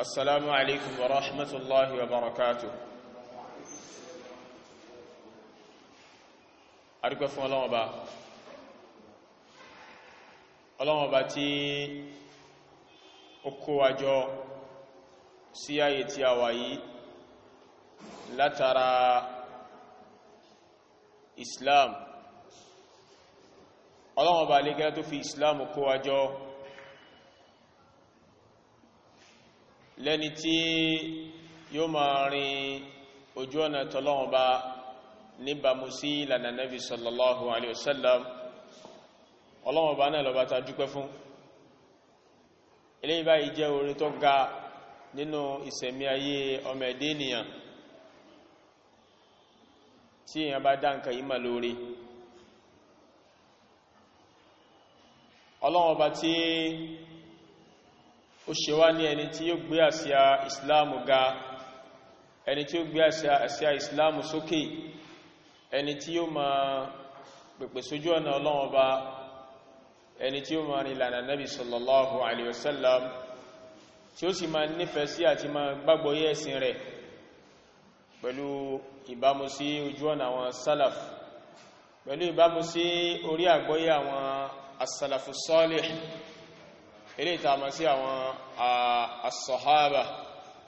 السلام عليكم ورحمة الله وبركاته أرجو فون الله أبا الله أبا تي أكو أجو سياي تياوي لا ترى إسلام الله أبا لكي تو في إسلام أكو أجو lẹ́ni tí yóò máa rin ojú ọ̀nà tọ́lọ́wọ́n bá níbàmú sí ìlànà Nabi sallallahu alayhi wa sallam ọlọ́wọ́n bá náà lọ́bá ta dúpẹ́ fún eléyìí báyìí jẹ́ orin tó ga nínú ìsẹ̀mí ayé ọmọ ẹ̀dẹ́ ènìyàn tí èyàn bá dá nǹkan yìí ọlọ́wọ́n bá tí ó ṣe wá ní ẹni tí yóò gbé àsíá ìsìláàmù ga ẹni tí yóò gbé àsíá ìsìláàmù sókè ẹni tí yóò ma pèpè sójú ọ̀nà ọlọ́run ọba ẹni tí yóò ma rìn ìlànà nabi sallallahu alaihi wasallam tí ó sì ma nífẹ̀ẹ́ sí àti ma gbàgbọ́ yẹ́ ẹ̀sìn rẹ̀ pẹ̀lú ìbámu sí ojú ọ̀nà àwọn salaf pẹ̀lú ìbámu sí orí àgbọ́yé àwọn asalafu salih ilé ìtàmà sí àwọn asọ̀hábà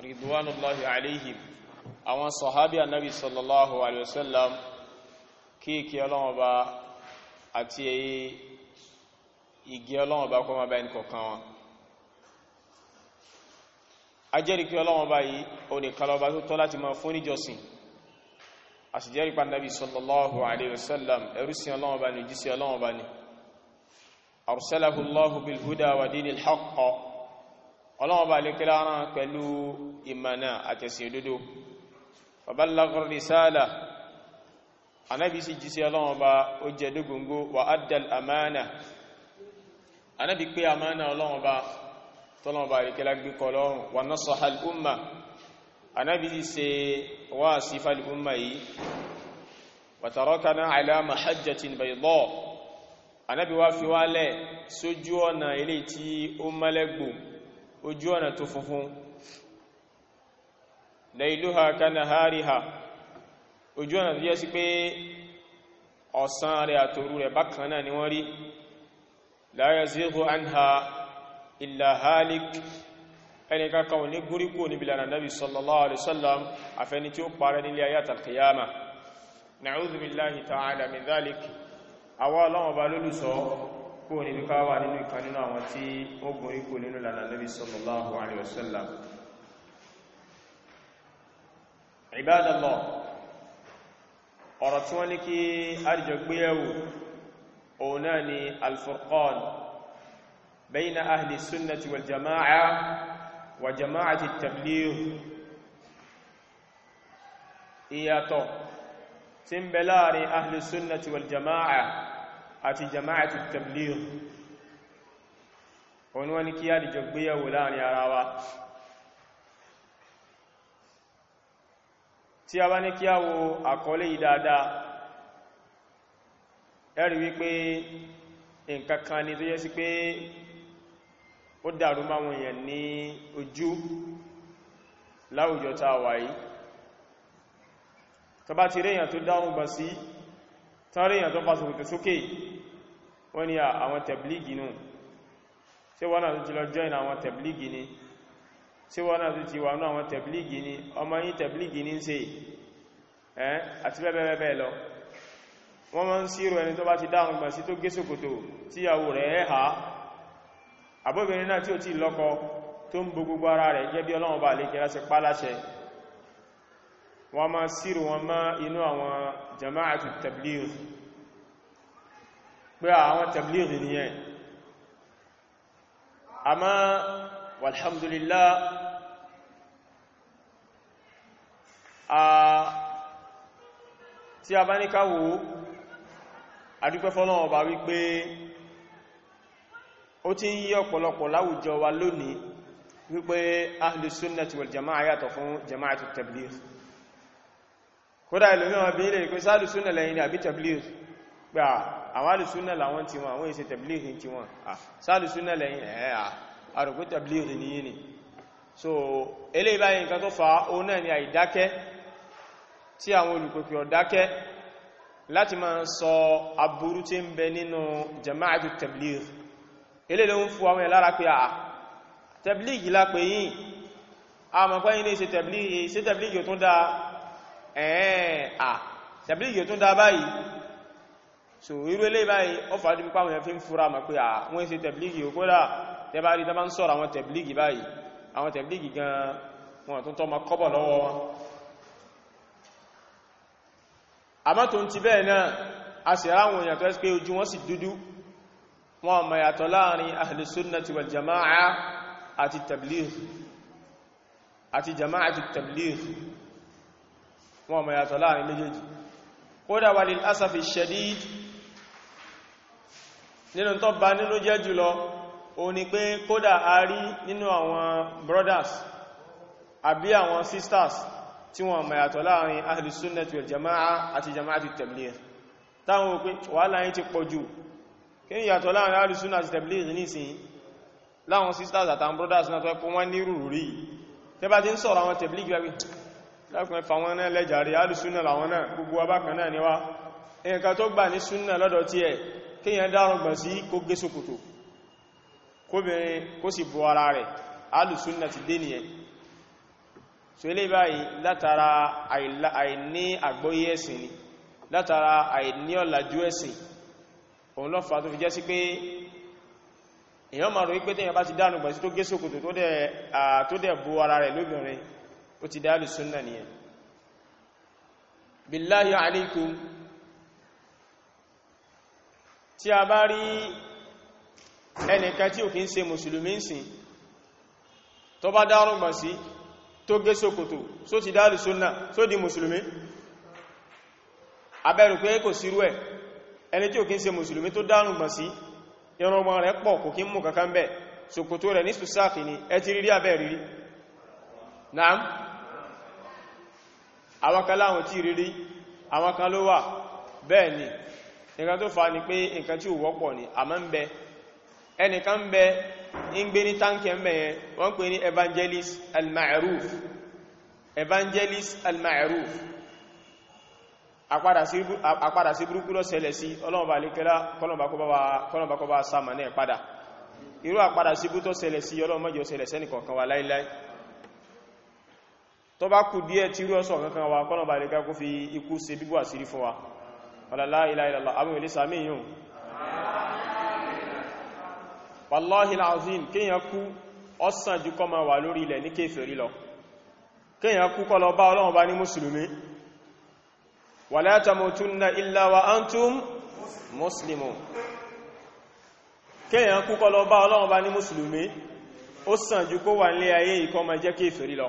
ridwanullahi alaihim àwọn sọ̀hábí annabi sallallahu alaihi wasallam kí kí ọlọ́wọ́ba àti igi ọlọ́wọ́ba kọ́ ma báyìí kọ̀kan wọn a jẹ́rì kí ọlọ́wọ́ba yìí o ní kalọba tó tọ́ láti máa fún níjọsìn a sì jẹ́rì pa annabi sallallahu alaihi wasallam ẹrú sí ni jísí ọlọ́wọ́ba ni أرسله الله بالهدى ودين الحق الله بالك لنا كلو إمانا أتسيددو فبلغ الرسالة أنا بيسي جيسي الله با أجدو قنقو وأدى الأمانة أنا بيكي أمانة الله با tọ́lọ́wọ́ bá rí kẹlá gbé kọlọ́rùn wà náà sọ al'umma anábi ṣe wá sí fal'umma yìí wàtàrọ́ka náà alama hajjatin bai lọ́ọ̀ anábi wá fi wálẹ̀ sójú ọ̀nà ilé tí ó mẹ́lẹ́gbò ojú ọ̀nà tó funfun lailuha kanahariha ojú ọ̀nà tó jẹ́ sí pé ọ̀sán rẹ̀ àtòru rẹ̀ bákan náà ni wọ́n rí la yazighu anha illa halik ẹni kankan ò ní gúríkò níbi lànà nabi sallallahu alaihi àwa ọlọ́wọ̀n bá lólùsọ kó ní bí káwà nínú ìkan nínú àwọn tí ó gùn ikú nínú lànà Nabi sallallahu alaihi wasallam Ibadallah ọ̀rọ̀ tí wọ́n ní kí àríjọ gbéyẹ̀wò òun náà ni ìyàtọ̀ tí ń bẹ láàrin ahli sunnati wal jama'a àti jama'atu tabligh òun wọ́n ní kí a lè jọ gbéyàwó láàrin ara wa tí a bá ní kí a wo àkọlé yìí dáadáa ẹ rí wípé nǹkan ni tó yẹ sí pé ó dàrú máwọn èèyàn ní ojú láwùjọ tá a wà tó dáhùn gbà sí tàrí ìyàn tó bá sòkòtò sókè wọ́n ni àwọn tẹ̀blígì nù ṣé wọ́n náà tó ti lọ join àwọn tẹ̀blígì ni ṣé wọ́n náà tó ti wà ní àwọn tẹ̀blígì ni ọmọ yí tẹ̀blígì ní ṣe ẹ́ àti bẹ́ẹ̀bẹ́ẹ̀ lọ wọ́n máa ń sírò ẹni tó bá ti dáhùn gbà sí tó gé wọ́n máa sírò wọn má inú àwọn jama'atu tabligh pé àwọn tabligh ni ẹ̀ àmá walhamdulillah a tí a bá ní káwò adúpẹ́ fọ́lọ́wọ́ bá wípé ó ti ń yí ọ̀pọ̀lọpọ̀ láwùjọ wa lónìí wípé ahlus sunnah wal fún jama'atu tabligh kódà ìlòmí wọn bí ilé ìpé sáàlù súnà lẹ́yìn àbí tabligh gbà àwọn alùsúnà làwọn tí wọn àwọn èsì tabligh tí wọn sáàlù súnà lẹ́yìn ẹ̀ àrùkú tabligh ní yìí ni so ilé ìbáyìí nǹkan tó fa òun ni àìdákẹ́ tí àwọn olùkòkè ọ̀dákẹ́ láti máa sọ aburú tí ń bẹ nínú jama'atu tabligh ilé ló ń àwọn pé à yìí pẹ́yìn ní tó dáa ẹ̀ẹ́ à tẹ̀bílì yìí tún dá báyìí so irú ilé báyìí ó fàájú pípa àwọn ẹ̀fín fúra ma pé à wọ́n ṣe tẹ̀bílì yìí kódà tẹ́bá rí tẹ́ bá ń sọ̀rọ̀ àwọn tẹ̀bílì yìí báyìí àwọn tẹ̀bílì yìí gan wọn tún tọ́ ma kọ́bọ̀ lọ́wọ́ wọn àmọ́ tó ń ti bẹ́ẹ̀ náà a sì ráwọn èèyàn tó ẹ́sì pé ojú wọn sì dúdú wọn ma yàtọ̀ láàrin ahlu sunnati wal jama'a àti tabligh àti jama'a àti tabligh fún ọmọ yàtọ̀ láàrin méjèèjì kódà wà lè asàfi shadid nínú tó bá nínú jẹ́ jùlọ o ni pé kódà a rí nínú àwọn brothers àbí àwọn sisters tí wọ́n mọ̀ yàtọ̀ láàrin ahlus sunnah wal jama'a àti jama'atu tabligh táwọn òpé wàhálà yìí ti pọ̀ jù kí ni yàtọ̀ láàrin ahlus sunnah àti tabligh nísìnyí láwọn sisters àtàwọn brothers náà tó ẹkùn wọ́n ní rúrú rí tẹ́bá ti ń sọ̀rọ̀ àwọn tabligh gbẹ́gbẹ́ dákùn ẹfà wọn náà lẹ́jàrí alùsúnà làwọn náà gbogbo abákan náà níwá nǹkan tó gbà ní súnà lọ́dọ̀ tí ẹ kíyàn dárùn gbà sí kó gé ṣòkòtò kóbìnrin kó sì bọ́ ara rẹ̀ alùsúnà ti dé nìyẹn ni látara àìní ọ̀làjú ẹ̀sìn òun ló fà tó fi jẹ́ sí pé èèyàn máa rò wípé téèyàn bá ti ó ti dáàlù súnnà nìyẹn billahi alaikum tí a bá rí ẹnìkan tí ò kí ń ṣe mùsùlùmí sìn tó bá dárùn-ún sí tó gé sókòtò só ti dáàlù súnnà só di mùsùlùmí abẹ́rù pé kò sírú ẹ̀ ẹni tí ò kí ń ṣe mùsùlùmí tó dárùn gbọ̀n sí ìrọmọ rẹ̀ pọ̀ kò kí ń mú kankan bẹ́ẹ̀ ṣòkòtò rẹ̀ ní sùsáàkì ni ẹ ti rírí abẹ́ rírí naam àwọn kan láwọn tí rírí àwọn kan ló wà bẹ́ẹ̀ ni nǹkan tó fa ni pé nǹkan tí ò wọ́pọ̀ ni àmọ́ ń bẹ ẹnìkan ń bẹ ń gbé ní táǹkì ń bẹ yẹn wọ́n pè ní evangelist al-ma'ruf evangelist al-ma'ruf àpadà sí burúkú lọ ṣẹlẹ̀ sí ọlọ́mọba alékẹ́lá kọlọ̀mọba kọba sàmà náà padà irú àpadà sí bú tó ṣẹlẹ̀ sí ọlọ́mọjọ́ ṣẹlẹ̀ sẹ́nìkọ̀ọ̀kan wa láíláí tó bá kù díẹ̀ tí rú ọ̀sọ̀ kankan wa kọ́nà bá lẹ́gbẹ́ kó fi ikú ṣe bíbú àṣírí fún wa ọ̀làlá ìlàìlàlá àwọn ilé sàmì yìí wàláhì láàzín kíyàn kú ọ̀sàn jù kọ́ ma wà lórí ilẹ̀ ní kéfèrí lọ kíyàn kú kọ́ lọ bá ọlọ́run bá ní mùsùlùmí wà nílé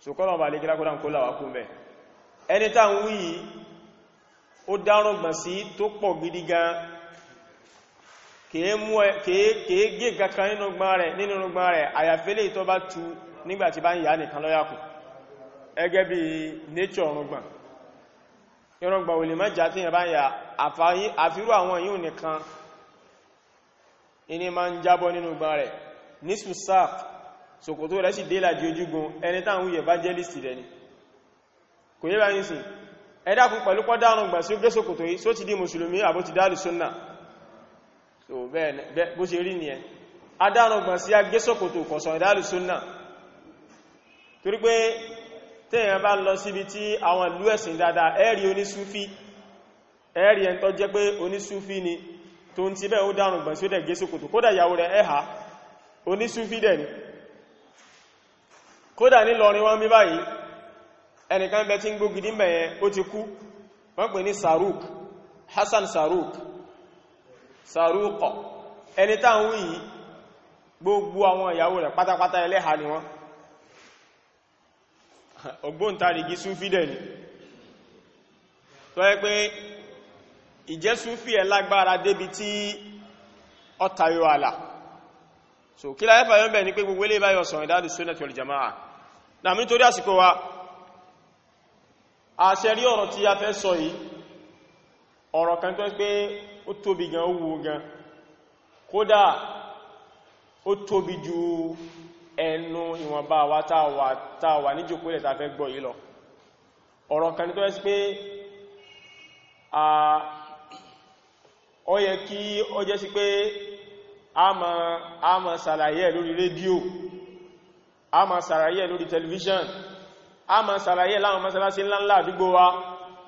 so kọ́lọ̀ bá lè kílákọ́lá kó láwá kún bẹ́ ẹni tá ń wí yìí ó dárùn gbọ̀n sí tó pọ̀ gidi gan kèé gé kankan nínú gbọ́n rẹ̀ àyàfẹ́lẹ̀ tó bá tu nígbàtí bá ń yà nìkan lọ́yàkù ẹgẹ́ bí nature ọ̀rùngbọ̀n irùngbọ̀n Sokoto rẹ̀ sì délàjì ojúgun ẹni táwọn wuyẹ̀ bá jẹ́ lìsì rẹ̀ ni kò yẹ́ bá yìí sí ẹ̀dàkùn pẹ̀lú pọ́ dárùn gbà sí ó gé ṣòkòtò yìí só ti di mùsùlùmí àbó ti dáàlì súnnà so bẹ́ẹ̀ bó ṣe rí nìyẹn adárùn gbà sí agé ṣòkòtò kọ̀sọ̀ ìdáàlì súnnà torí pé dẹ̀ ni kódà ní lọrin wọ́n bí báyìí ẹnìkan bẹ tí ń gbógidí mẹ́yẹn ó ti kú wọ́n pè ní saruk hassan saruk sarukọ ẹni táwọn yìí gbogbo àwọn ìyàwó rẹ̀ pátápátá ẹlẹ́hà ni wọ́n ògbóǹtarìgì súnfídẹ̀ ni tó yẹ pé ìjẹ́ súnfí ẹ lágbára débi tí ọ̀tayọ̀ àlà so kí láyẹ́fà yọ́ bẹ̀ ní pé gbogbo ilé báyọ̀ sọ̀rọ̀ ìdádù sunnah wal jama'a nàmì nítorí àsìkò wa àṣẹ rí ọ̀rọ̀ tí a fẹ́ sọ yìí ọ̀rọ̀ kan tó pé ó tóbi gan ó wúwo gan kódà ó tóbi ju ẹnu ìwọ̀nba wa táwà ní jòkólẹ̀ ta fẹ́ gbọ́ yìí lọ ọ̀rọ̀ kan tó pé ó yẹ kí ó jẹ́ sí pé a máa ṣàlàyé lórí rédíò a ma sàràyẹ lórí tẹlifíṣàn a ma sàràyẹ láwọn masalasi ńláńlá àdúgbò wa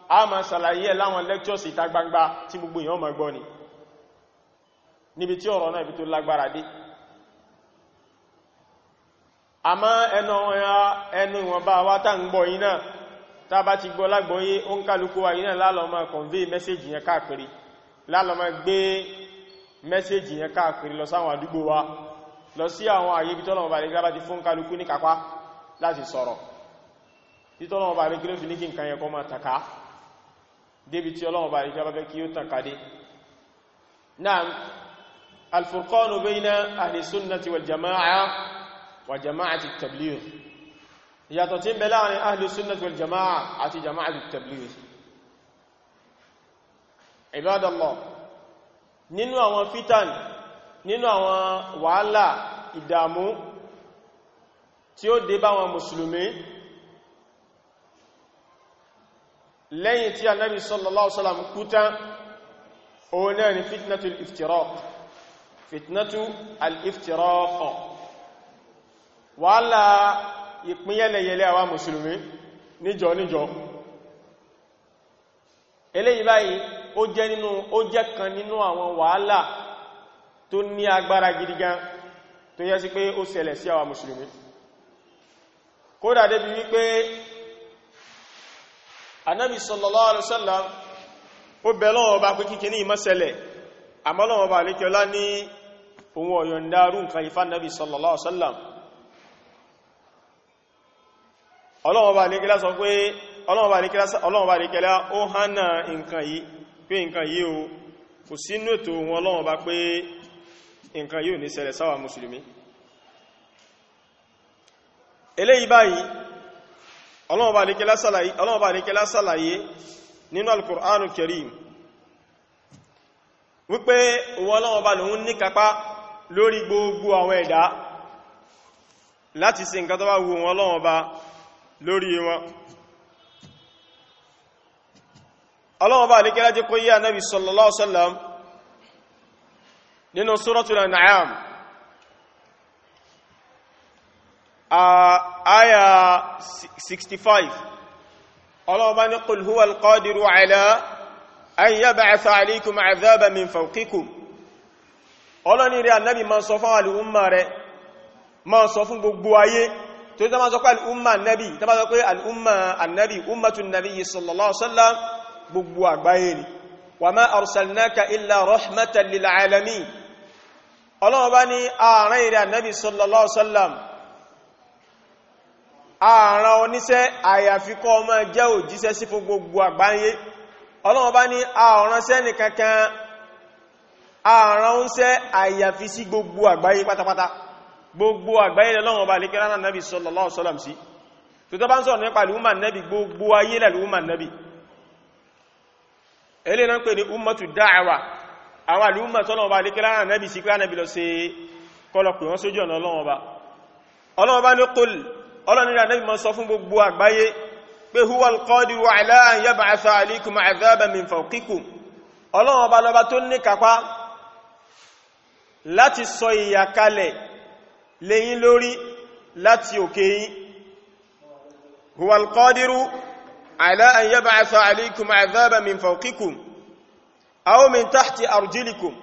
a ma sàràyẹ láwọn lectures ìta gbangba tí gbogbo èèyàn ma gbọ́ ni níbi tí ọ̀rọ̀ náà ibi tó lágbára dé àmọ́ ẹnu ẹnu ìwọ̀nba wa tá ń gbọ́ yìí náà bá ti gbọ́ lágbọ́yé ó ń kálukú wa yìí lálọ́ ma convey message yẹn káàkiri lálọ́ ma gbé message yẹn káàkiri lọ sáwọn àdúgbò wa lọ sí àwọn àyè ibi tọ́lọ̀mọ̀bà rẹ̀ gẹ́gẹ́ bá ti fún kálukú ní kápá láti sọ̀rọ̀ tí tọ́lọ̀mọ̀bà rẹ̀ gẹ́gẹ́ fi ní kí nǹkan yẹ kó máa tàkà débi tí ọlọ́mọ̀bà rẹ̀ gẹ́gẹ́ bá fẹ́ kí ó tàn kàdé náà alfurqanu bayna ahli sunnati nínú àwọn wàhálà ìdàmú tí ó dé bá wọn mùsùlùmí lẹ́yìn tí anábi sallallahu alaihi wasallam kú tán òun náà ni fitnatu al-iftiraq fitnatu al-iftiraq wàhálà ìpínyẹlẹyẹlẹ àwa mùsùlùmí níjọ níjọ eléyìí báyìí ó ó jẹ́ kan nínú àwọn wàhálà tó ní agbára gidi gan tó yẹ sí pé ó sẹlẹ̀ sí àwa musulmi kódà débi wípé anábi sallallahu alaihi wasallam ó bẹ̀ lọ́wọ́ bá pé kíkẹ́ ní ìmọ́sẹlẹ̀ àmọ́lọ́wọ́ bá lè ní ohun ọ̀yọ̀ndárú nǹkan ìfà nábi sallallahu ọlọ́wọ́ bá sọ o kò sínú ètò ọlọ́wọ́ nǹkan yóò ní ṣẹlẹ̀ sáwà mùsùlùmí eléyìí báyìí ọlọ́ọ̀bá àríkẹ́lá sàlàyé nínú alkùránù karim wípé owó ọlọ́ọ̀bá lòun ní kápá lórí gbogbo àwọn ẹ̀dá láti ṣe nǹkan tó bá wù wọn ọlọ́ọ̀bá lórí wọn ọlọ́ọ̀bá àríkẹ́lá jẹ́ kó yí ànábì sallallahu alaihi wasallam nínú suratul an'am àyà 65 ọlọ́ọ̀bá ní qul huwa al-qadiru ala an yab'atha alaykum 'adhaban min fawqikum ọlọ́ni rẹ̀ annabi ma sọ fún al'umma rẹ̀ ma sọ fún gbogbo ayé tó ní ta ma sọ pé al'umma annabi ta ma sọ pé al'umma annabi ummatun nabi sallallahu alaihi gbogbo àgbáyé ni wa ma arsalnaka illa rahmatan lil alamin ọlọ́run bá ní ààrán ìrìn ànábì sallallahu alaihi wasallam ààrán oníṣẹ́ àyàfikọ́ ọmọ jẹ́ òjíṣẹ́ sí fún gbogbo àgbáyé ọlọ́run bá ní ààrán sẹ́ni kankan ààrán oúnṣẹ́ àyàfi sí gbogbo àgbáyé pátápátá gbogbo àgbáyé lọ́wọ́n bá lékẹ́ ránà nábì sallallahu alaihi wasallam sí tó tọ́ bá ń sọ̀rọ̀ nípa lùúmà nábì gbogbo ayé lẹ́lùúmà nábì eléyìí náà pè ní ummatu da'wa àwọn àlúmọ̀ tọ́lọ̀ ọba lè kílára nẹ́bì sí kílára nẹ́bì lọ sí kọlọ̀pù wọn sójú ọ̀nà ọlọ́wọ́ ọba ọlọ́wọ́ bá ní kòl ọlọ́nira nẹ́bì mọ́ sọ fún gbogbo àgbáyé pé huwal qadiru ala an yab'atha alaykum min fawqikum aw min tahti arjulikum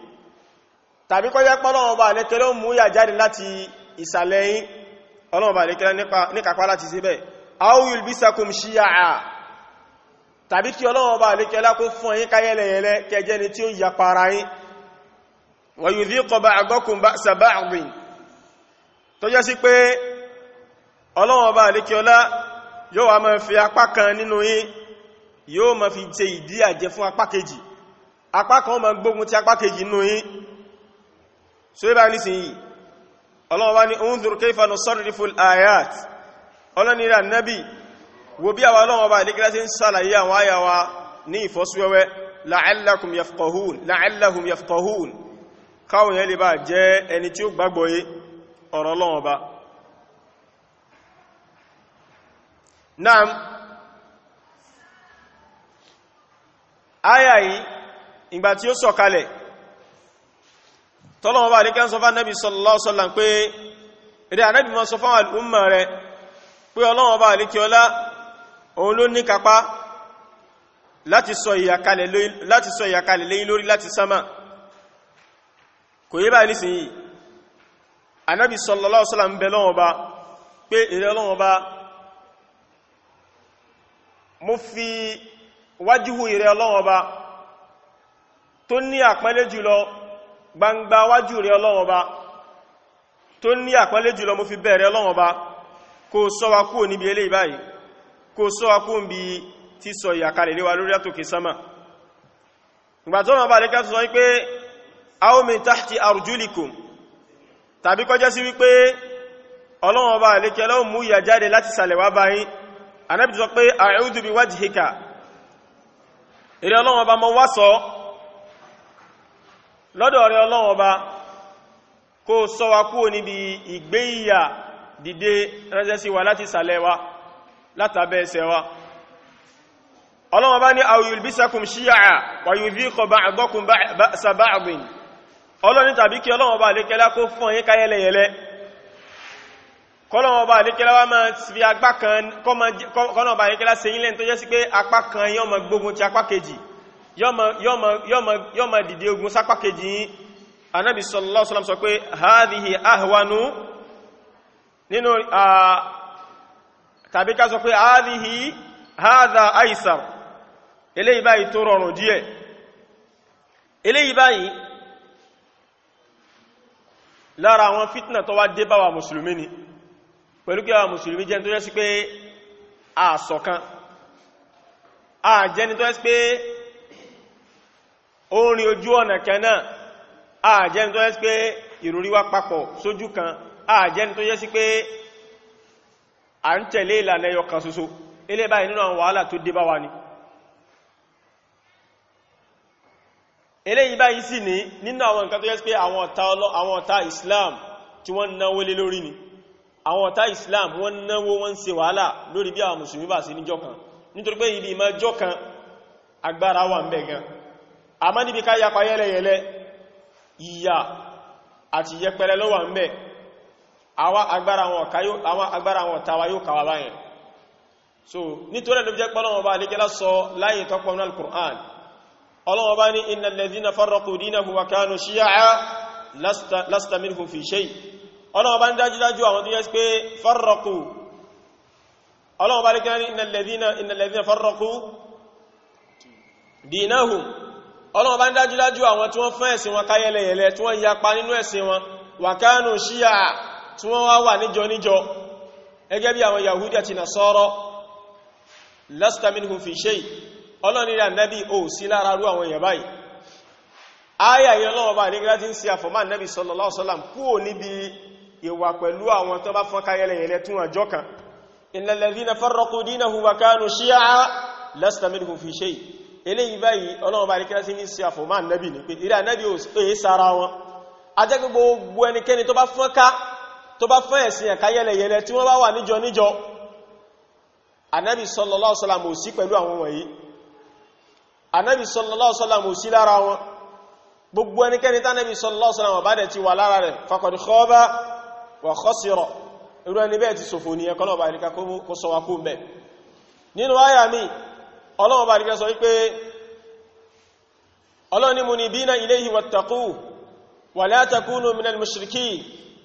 tàbí kọ́ jẹ́ pọ́lọ́wọ́ bá lẹ́kẹ́lẹ́ mú yà jáde láti ìsàlẹ̀ yín ọlọ́wọ́ bá lẹ́kẹ́lẹ́ níkàpá láti síbẹ̀ aw yulbisakum shiya'a tàbí kí ọlọ́wọ́ bá lẹ́kẹ́lẹ́ kó fún yín káyẹ́lẹ̀yẹlẹ́ kẹjẹ́ ni tí ó yà para yín wa yudhiqa ba'dakum ba'sa ba'din tó jẹ́ sí pé ọlọ́wọ́ bá yóò wá máa fi apá kan nínú yín yóò máa fi jẹ ìdí àjẹ fún apá kejì apá kan ma gbógun ti apá kejì nínú yín so ibá nísìnyí ọlọ́run wá ní unzur kayfa nusarriful ayat ọlọ́ni rà nábi wo bí àwọn ọlọ́run ọba ìdíkílá sí ń sàlàyé àwọn àyà ní ìfọ́síwẹ́wẹ́ la'allakum yafqahun la'allahum ìgbà tí ó sọ̀kalẹ̀ tọ́lọ́wọ́ bá lékẹ́ sọ fá nẹ́bí sọlọ́sọ́lá pé ẹ̀rẹ́ ànẹ́bí mọ́ sọ fáwọn alùmọ̀ rẹ̀ pé ọlọ́wọ́ bá lékẹ́ ọlá òun ló ní kapá láti sọ ìyàkalẹ̀ lẹ́yìn lórí láti sánmà kò yé bá nísìnyí ànẹ́bí sọlọ́sọ́lá ń bẹ lọ́wọ́ bá pé ẹ̀rẹ́ ọlọ́wọ́ bá mo fi wájú ìrẹ́ ọlọ́wọ́ bá tó ní àpẹẹlẹ jùlọ gbangba wájú rẹ Ọlọ́run tó ní àpẹẹlẹ jùlọ mo fi bẹ̀rẹ̀ Ọlọ́run Ọba kó sọ wa kúrò níbi eléyìí báyìí kó sọ wa kúrò níbi tí sọ ìyàkalẹ̀ léwa lórí àtòkè sánmà ìgbàtọ́nà ọba lẹ́kẹ́ sọ wípé aw min tahti arjulikum tàbí kọjá sí wípé Ọlọ́run ọba lẹ́kẹ́ lọ́wọ́ mú ìyà jáde láti sàlẹ̀ wá mọ́ wá sọ lọ́dọ̀ rẹ ọlọ́run ọba kó sọ wa kúrò níbi ìgbé ìyà dìde ránṣẹ́ sí wa láti sàlẹ̀ wa látàbẹ́ ẹsẹ̀ wa ọlọ́run ọba ní aw yulbisakum shiya'a wa yudhiqa ba'dakum ba'sa ba'din ọlọ́run tàbí kí ọlọ́run ọba àlékẹ́lá kó fún ọyín káyẹlẹyẹlẹ kọ́lọ̀wọ̀ bá àríkẹ́lá yọ́ ma dìde ogun sápá kejì yìí anábi sallallahu alaihi wasallam sọ pé hadhihi ahwanu nínú tàbí ká sọ pé hadhihi hadha aisar eléyìí báyìí tó rọrùn díẹ̀ eléyìí báyìí lára àwọn fitna tó wá dé bá wa mùsùlùmí ni pẹ̀lú kí wa mùsùlùmí jẹ́ tó yẹ́ sí pé àṣọ̀kan àjẹ́ni tó yẹ́ sí pé orin ojú ọ̀nà kẹna ààjẹni tó yẹ́ sí pé ìròrí wá papọ̀ sójú kan ààjẹni tó yẹ́ sí pé à ń tẹ̀lé ìlànà ẹyọ kan ṣoṣo ilé báyìí nínú àwọn wàhálà tó dé bá wa ni eléyìí báyìí sì ní nínú àwọn nǹkan tó yẹ́ sí pé àwọn ọ̀tá Islam tí wọ́n náwó lé lórí ni àwọn ọ̀tá Islam wọ́n náwó wọ́n ṣe wàhálà lórí bí àwọn mùsùlùmí bá sí níjọ́ kan nítorí pé ibi ìmọ̀ jọ́ kan agbára wà ń bẹ̀ gan a má níbi ká yapa yẹ́lẹ̀yẹ̀lẹ́ ìyà àti yẹpẹrẹ ló wà ń bẹ àwọn agbára wọn tàwa yóò kàwà báyẹn so nítorí ló jẹ́ pọ́lọ́wọ́ bá alékẹ́lá sọ láyé tọ́pọ̀ ní al-Qur'an ọlọ́wọ́ bá ní innal ladhina farraqu dinahum wa kanu shiya'a lasta minhum fi shay ọlọ́wọ́ bá ń dájúdájú àwọn tó yẹ́ ọlọ́run bá ń dájúdájú àwọn tí wọ́n fún ẹ̀sìn wọn káyẹlẹyẹlẹ tí wọ́n yapa nínú ẹ̀sìn wọn wàkánù ṣíyà tí wọ́n wá wà níjọ níjọ gẹ́gẹ́ bí àwọn yahudi àti nasara lasta minhum fi shay ọlọ́run ní ànábì ò sí lára rú àwọn èèyàn báyìí ayà yẹn lọ́wọ́ bá ní gíláti ń se àfọ̀má ànábì sallallahu alaihi wasallam kúò eléyìí báyìí ọlọ́run bá ní kílásí ní sí àfọ̀má nẹ́bì ní pé ìrẹ́ nẹ́bì ò èé sára wọn ajẹ́gbẹ́ gbogbo ẹnikẹ́ni tó bá fọ́n ká tó bá fọ́n ẹ̀sìn ẹ̀ka yẹlẹyẹlẹ tí wọ́n bá wà níjọ níjọ anẹ́bì sallallahu alaihi wasallam ò sí pẹ̀lú sallallahu alaihi wasallam ò sí lára sallallahu alaihi wasallam bá dẹ̀ khaba wa khasira irú ẹni bẹ́ẹ̀ ti sòfò ní ẹkọ́lọ̀ bá ní mi ọlọ́wọ́ bá rígbẹ́ sọ wípé ọlọ́ni munibina ilayhi wattaqu wala takunu minal mushriki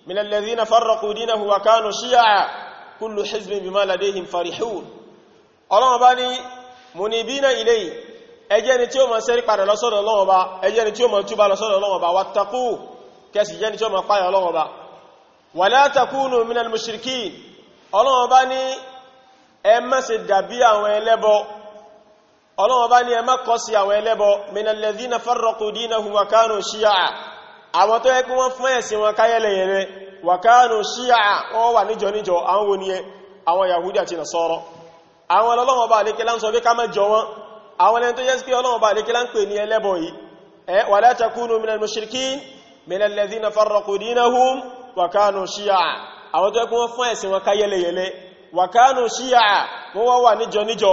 minal ladhina farraqu dinahu wa kanu shiya'a kullu hizbin bima ladayhim farihun ọlọ́wọ́ bá ní munibina ilayhi ẹjẹ́ ni tí ó ma sẹ́rí padà lọ́sọ́dọ̀ Ọlọ́run Ọba ẹjẹ́ ni tí ó ma túbà lọ́sọ́dọ̀ Ọlọ́run Ọba wattaqu kẹsì jẹ́ ni tí ọlọ́wọ́ bá ní ẹmá kọ́ sí àwọn ẹlẹ́bọ minalladhina farraqu dinahum wa kanu shiya'a àwọn tó yẹ kí wọ́n fún ẹ̀sìn wọn káyẹ̀lẹ̀ yẹ̀rẹ̀ wa kanu shiya'a wọ́n wà níjọ níjọ àwọn wo ni ẹ àwọn yahudi àti nasọ́rọ̀ àwọn ọlọ́wọ́ bá lè kílá ń sọ bí ká má jọ wọn àwọn ẹni tó yẹ sí pé ọlọ́wọ́ bá lè kílá ń pè wọ́n wà níjọ níjọ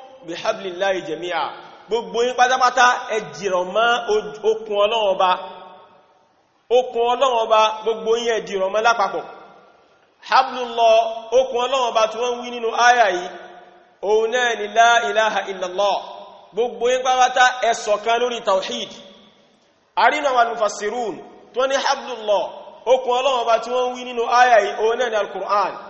bihablillahi jami'a gbogbo yín pátápátá ẹ dìrọ̀ mọ́ okùn Ọlọ́run Ọba okùn Ọlọ́run Ọba gbogbo yín ẹ dìrọ̀ mọ́ lápapọ̀ hablullah okùn Ọlọ́run Ọba tí wọ́n wí nínú àyà yìí òun náà ni la ilaha illallah gbogbo yín pátápátá ẹ ṣọ̀kan lórí tawhid arínà wal mufassirun tó ní hablullah okùn Ọlọ́run Ọba tí wọ́n wí nínú àyà yìí òun náà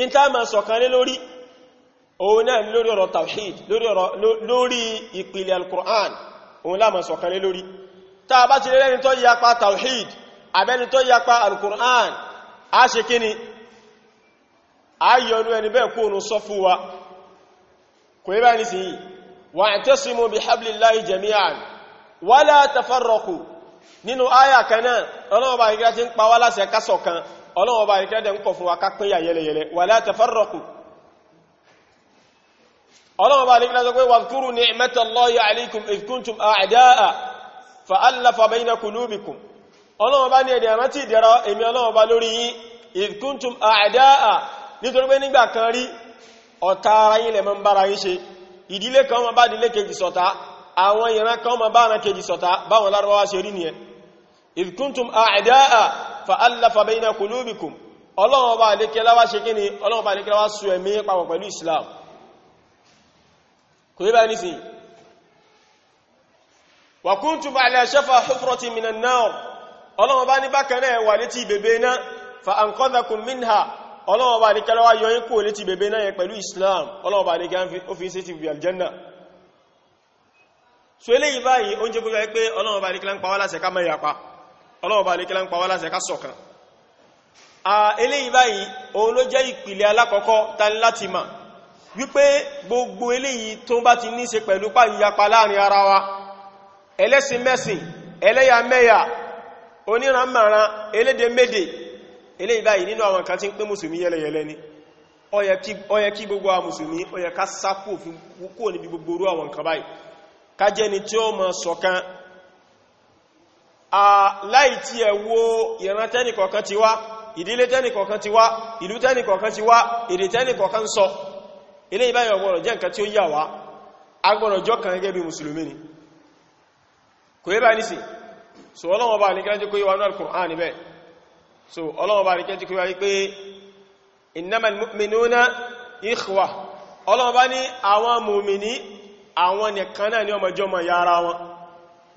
in ta ma ṣọ̀kan lé lórí òun náà ni lórí ọ̀rọ̀ tawhid lórí ìpìlẹ̀ al-Qur'an òun láà ma ṣọ̀kan lé lórí ta bá ti lẹ́rẹ́ ni tó yapa tawhid abẹ́ni tó yapa al-Qur'an a ṣe kí ni a yọnu ẹni bẹ́ẹ̀ kó nù sọ́fú wa kò yẹ bá ní sí ọlọ́wọ́ bá ìkẹ́dẹ̀ ń kọ̀ fún wa ká pín yà yẹlẹyẹlẹ wà láti fárọ̀kù ọlọ́wọ́ bá ìkẹ́dẹ̀ sọ pé wà kúrù ní mẹ́tàlọ́yì alaikum ìkúntum àdáà fa'allafa bayna kulubikum ọlọ́wọ́ bá ní ẹ̀dẹ̀ àmátì ìdẹ̀rọ èmi ọlọ́wọ́ bá lórí yín ìkúntum àdáà nítorí pé nígbà kan rí ọ̀tá ara yín idh kuntum a'da'a fa'alafa bayna qulubikum ọlọ́run ọba àlékẹ́lá wá ṣe kíni ọlọ́run ọba àlékẹ́lá wá so ẹ̀mí papọ̀ pẹ̀lú islam kò yí bá nísìn wa kuntum ala shafa hufratin minan nar ní bákan yọ yín kúrò létí bèbè náà pẹ̀lú islam ọlọ́run ọba àlékẹ́lá ó fi ń sétí aljanna so eléyìí báyìí oúnjẹ gbogbo ẹ pé ọlọ́run ọba àlékẹ́lá ń pa wá ọlọ́ọ̀bá alékẹ́lá ń pa wá láṣẹ ká a eléyìí báyìí òun ló jẹ́ ìpìlẹ̀ alákọ̀ọ́kọ́ ta láti wípé gbogbo eléyìn tó bá ti ní pẹ̀lú pàyíyapa láàrin ara wa ẹlẹ́sìn mẹ́sìn ẹlẹ́yàmẹ́yà oníranmàran elédè médè eléyìí báyìí nínú àwọn nkasi gbogbo láì tí ẹ wo ìran tẹ́nìkọ̀ọ̀kan ti wá ìdílé tẹ́nìkọ̀ọ̀kan ti wá ìlú tẹ́nìkọ̀ọ̀kan ti wá èdè tẹ́nìkọ̀ọ̀kan sọ ilé ìbáyọ̀ ọgbọ̀rọ̀ jẹ́ nǹkan tí ó yà wá agbọ̀rọ̀ jọ kan gẹ́gẹ́ bí mùsùlùmí ni kò yẹ́ bá ní sí so ọlọ́wọ́ bá ní kẹ́jẹ́ kó yíwa ní al-Qur'an bẹ́ so ọlọ́wọ́ bá ní kẹ́jẹ́ kó yíwa wípé innamal mu'minuna ikhwa ọlọ́wọ́ bá ní àwọn mùmìní àwọn nìkan náà ni ọmọ jọmọ yára wọn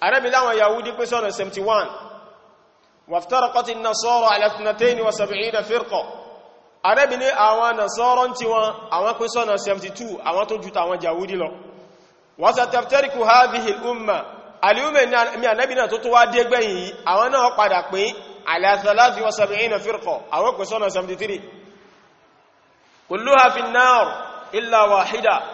Ànábì láwọn Yahudi pín sọ́nà 71 wàftaraqat an-nasara ala ithnatayn wa sab'ina firqa Ànábì ní àwọn Nasara tí wọ́n àwọn pín sọ́nà 72 àwọn tó jùta àwọn Yahudi lọ wa sataftariqu hadhihi al-umma al ni Ànábì náà tó tó wá yìí àwọn náà padà pín ala thalathi wa sab'ina firqa àwọn pín sọ́nà 73 kulluha fi an illa wahida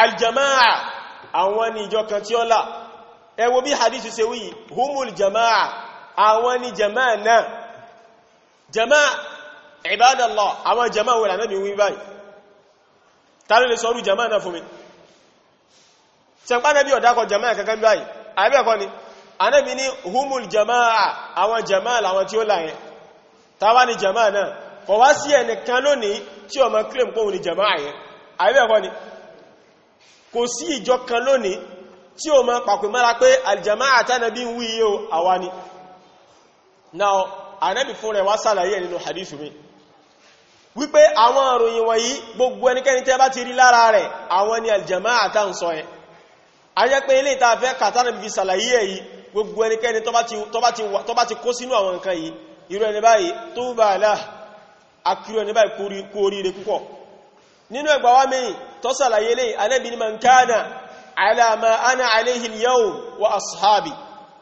aljamaa àwọn ni ìjọ kan tí ó là ẹ wò bí hadith ṣe wí humul jamaa àwọn ni jamaa náà jamaa ibadallah àwọn jamaa wọ́n lànàbí wí báyìí tàbí lè sọ́rú jamaa náà fún mi tẹ̀pá náà bí ọ̀dákọ̀ jamaa kankan báyìí àbí ẹ̀kọ́ ni anábi ni humul jamaa àwọn jamaa làwọn tí ó là yẹn tàbá ni jamaa náà kọ̀ sí ẹnìkan lónìí tí ọmọ claim kóhun ni jamaa yẹn àbí ni kò sí ìjọ kan lónìí tí ó ma pàpẹ mọ́ra pé aljamaa tánàbí ń wí yíò àwa ni now anẹ́bì fún rẹ̀ wá sàlàyé nínú hadithu mi wípé àwọn ìròyìn wọ̀nyí gbogbo ẹnikẹ́ni tẹ́ bá ti rí lára rẹ̀ àwọn ni aljamaa tá ń sọ ẹ a jẹ́ pé ilé ìtafẹ́ kàtánàbí fi sàlàyé èyí gbogbo ẹnikẹ́ni tó bá ti kó sínú àwọn nǹkan yìí irú ẹni báyìí nínú ẹgbàwá mẹ́yìn tó sàlàyé lè Ànábì ní man kana ala ma ana alayhi al-yawm wa ashabi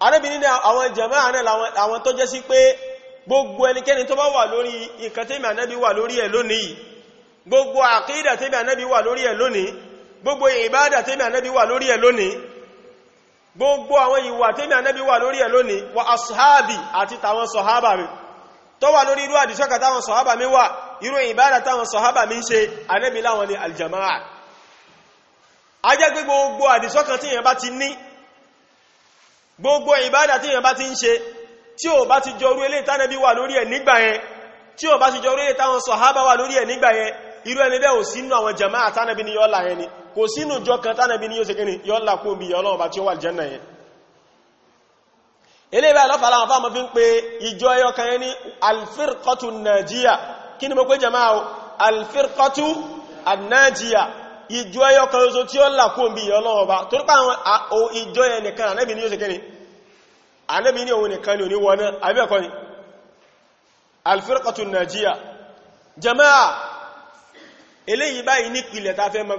Ànábì ní àwọn jama'a náà àwọn tó jẹ́ sí pé gbogbo ẹnikẹ́ni tó bá wà lórí nǹkan tẹ́mi Ànábì wà lórí ẹ̀ lónìí gbogbo àkídà tẹ́mi Ànábì wà lórí ẹ̀ lónìí gbogbo ìbádà tẹ́mi Ànábì wà lórí ẹ̀ lónìí gbogbo àwọn ìwà tẹ́mi Ànábì wà lórí irú ìbádà táwọn sọ̀hábà mi ń ṣe anẹ́bí láwọn ni aljama'a a jẹ́ pé gbogbo àdìsọ́kan tí èyàn bá ti ní gbogbo ìbádà tí èyàn bá ti ń ṣe tí ò bá ti jọrú ilé tánẹ́bí wà lórí ẹ̀ nígbà yẹn tí ò bá ti jọrú ilé táwọn sọ̀hábà wà lórí ẹ̀ nígbà yẹn irú ẹni bẹ́ẹ̀ fáwọn fi ń pe ìjọ ẹyọkan yẹn ní alfirqatu najiya kí ni mo pé jama'a alfirqatu annajiya ìjọ ẹyọ kan oṣo tí ó là kó bí ọlọ́wọ́ bá tó nípa àwọn ìjọ ẹ nìkan ànábì ní òṣèké ni ànábì ní òun nìkan ni òní abẹ́ẹ̀kọ́ ni alfirqatu annajiya jama'a eléyìí báyìí nípìlẹ̀ ta fẹ́ mọ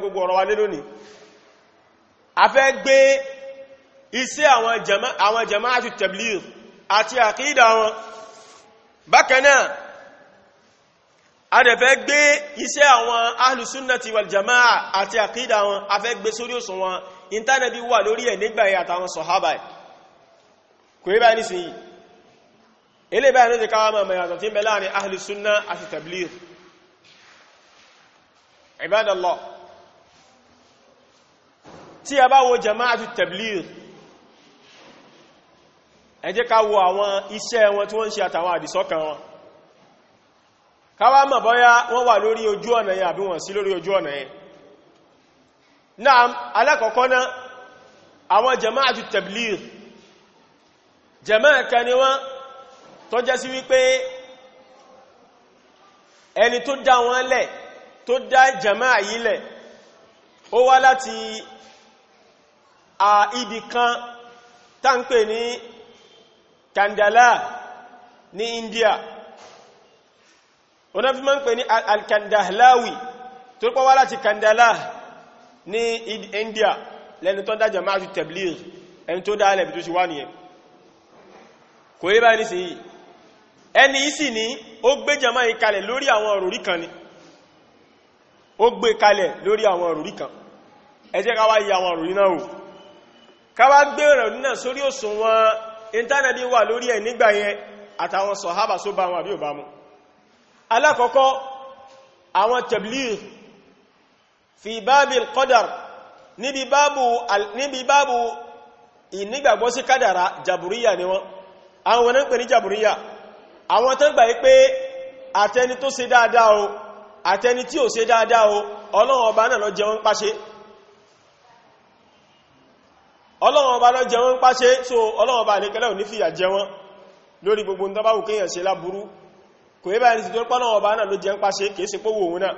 jama'a àti tabligh àti àkídà wọn bákanáà adẹ̀fẹ́ gbé iṣẹ́ àwọn ahlùsúnnàtí wal jama'a àti àkídà wọn afẹ́ gbé sórí òsùn wọn ìntánẹ̀bí wà lórí ẹ̀ nígbà ẹ̀ àtàwọn sọ̀hábà ẹ̀ kò rí báyìí nísìnyí ilé báyìí ló ká wo àwọn iṣẹ́ wọn tí wọ́n ń ṣe àtàwọn àdìsọ́kàn wọn káwàá mọ̀ bọ́yá wọ́n wà lórí ojú ọ̀nà yẹn àbí wọ́n sí lórí ojú ọ̀nà yẹn náà alákọ̀ọ́kọ́ náà àwọn jama'atu tabligh jama'a kan ni wọ́n tó jẹ́ sí wípé ẹni tó dá wọn lẹ̀ tó dá jama'a yìí lẹ̀ ó wá láti a ibi kan tá ní Kandala ní India wọ́n fi máa ń pè ní alkandahlawi tó pọ́ wá láti kandala ní india lẹ́ni tó dá jama'atu tabligh ẹni tó dá alẹ́bì tó ṣe wá nìyẹn kò rí báyìí sí ẹni isi ni ó gbé jama yìí kalẹ̀ lórí àwọn òrùrí kan ni ó gbé kalẹ̀ lórí àwọn òrùrí kan ẹ jẹ́ ká wá yí àwọn òrùrí náà wò ká wá gbé òrùrí náà sórí òṣùwọ̀n intanẹ́ẹ̀tì wà lórí ẹ̀ nígbà yẹn àtàwọn sọ̀hábà só bá wọn àbí ò bá mu alákọ̀ọ́kọ́ àwọn tabligh fi báàbì al-qadar níbi báàbù ìnígbàgbọ́ sí kádàrá jàbúríyà ni wọ́n àwọn wọn ń pè ní jàbúríyà àwọn tán gbà pé àtẹni tó ṣe dáadáa o àtẹni tí ò ṣe dáadáa o ọlọ́run ọba náà ló jẹ wọ́n páṣe ọlọ́run ọba ló so ọlọ́run ọba àlékẹ́lẹ́ ò ní fìyà jẹ lórí gbogbo ń tọ́báwù kéèyàn ṣe láburú kò yẹ báyìí nítorí pọ́nà ọba náà ló jẹ́ ń pàṣẹ kìí ṣe pówó òun náà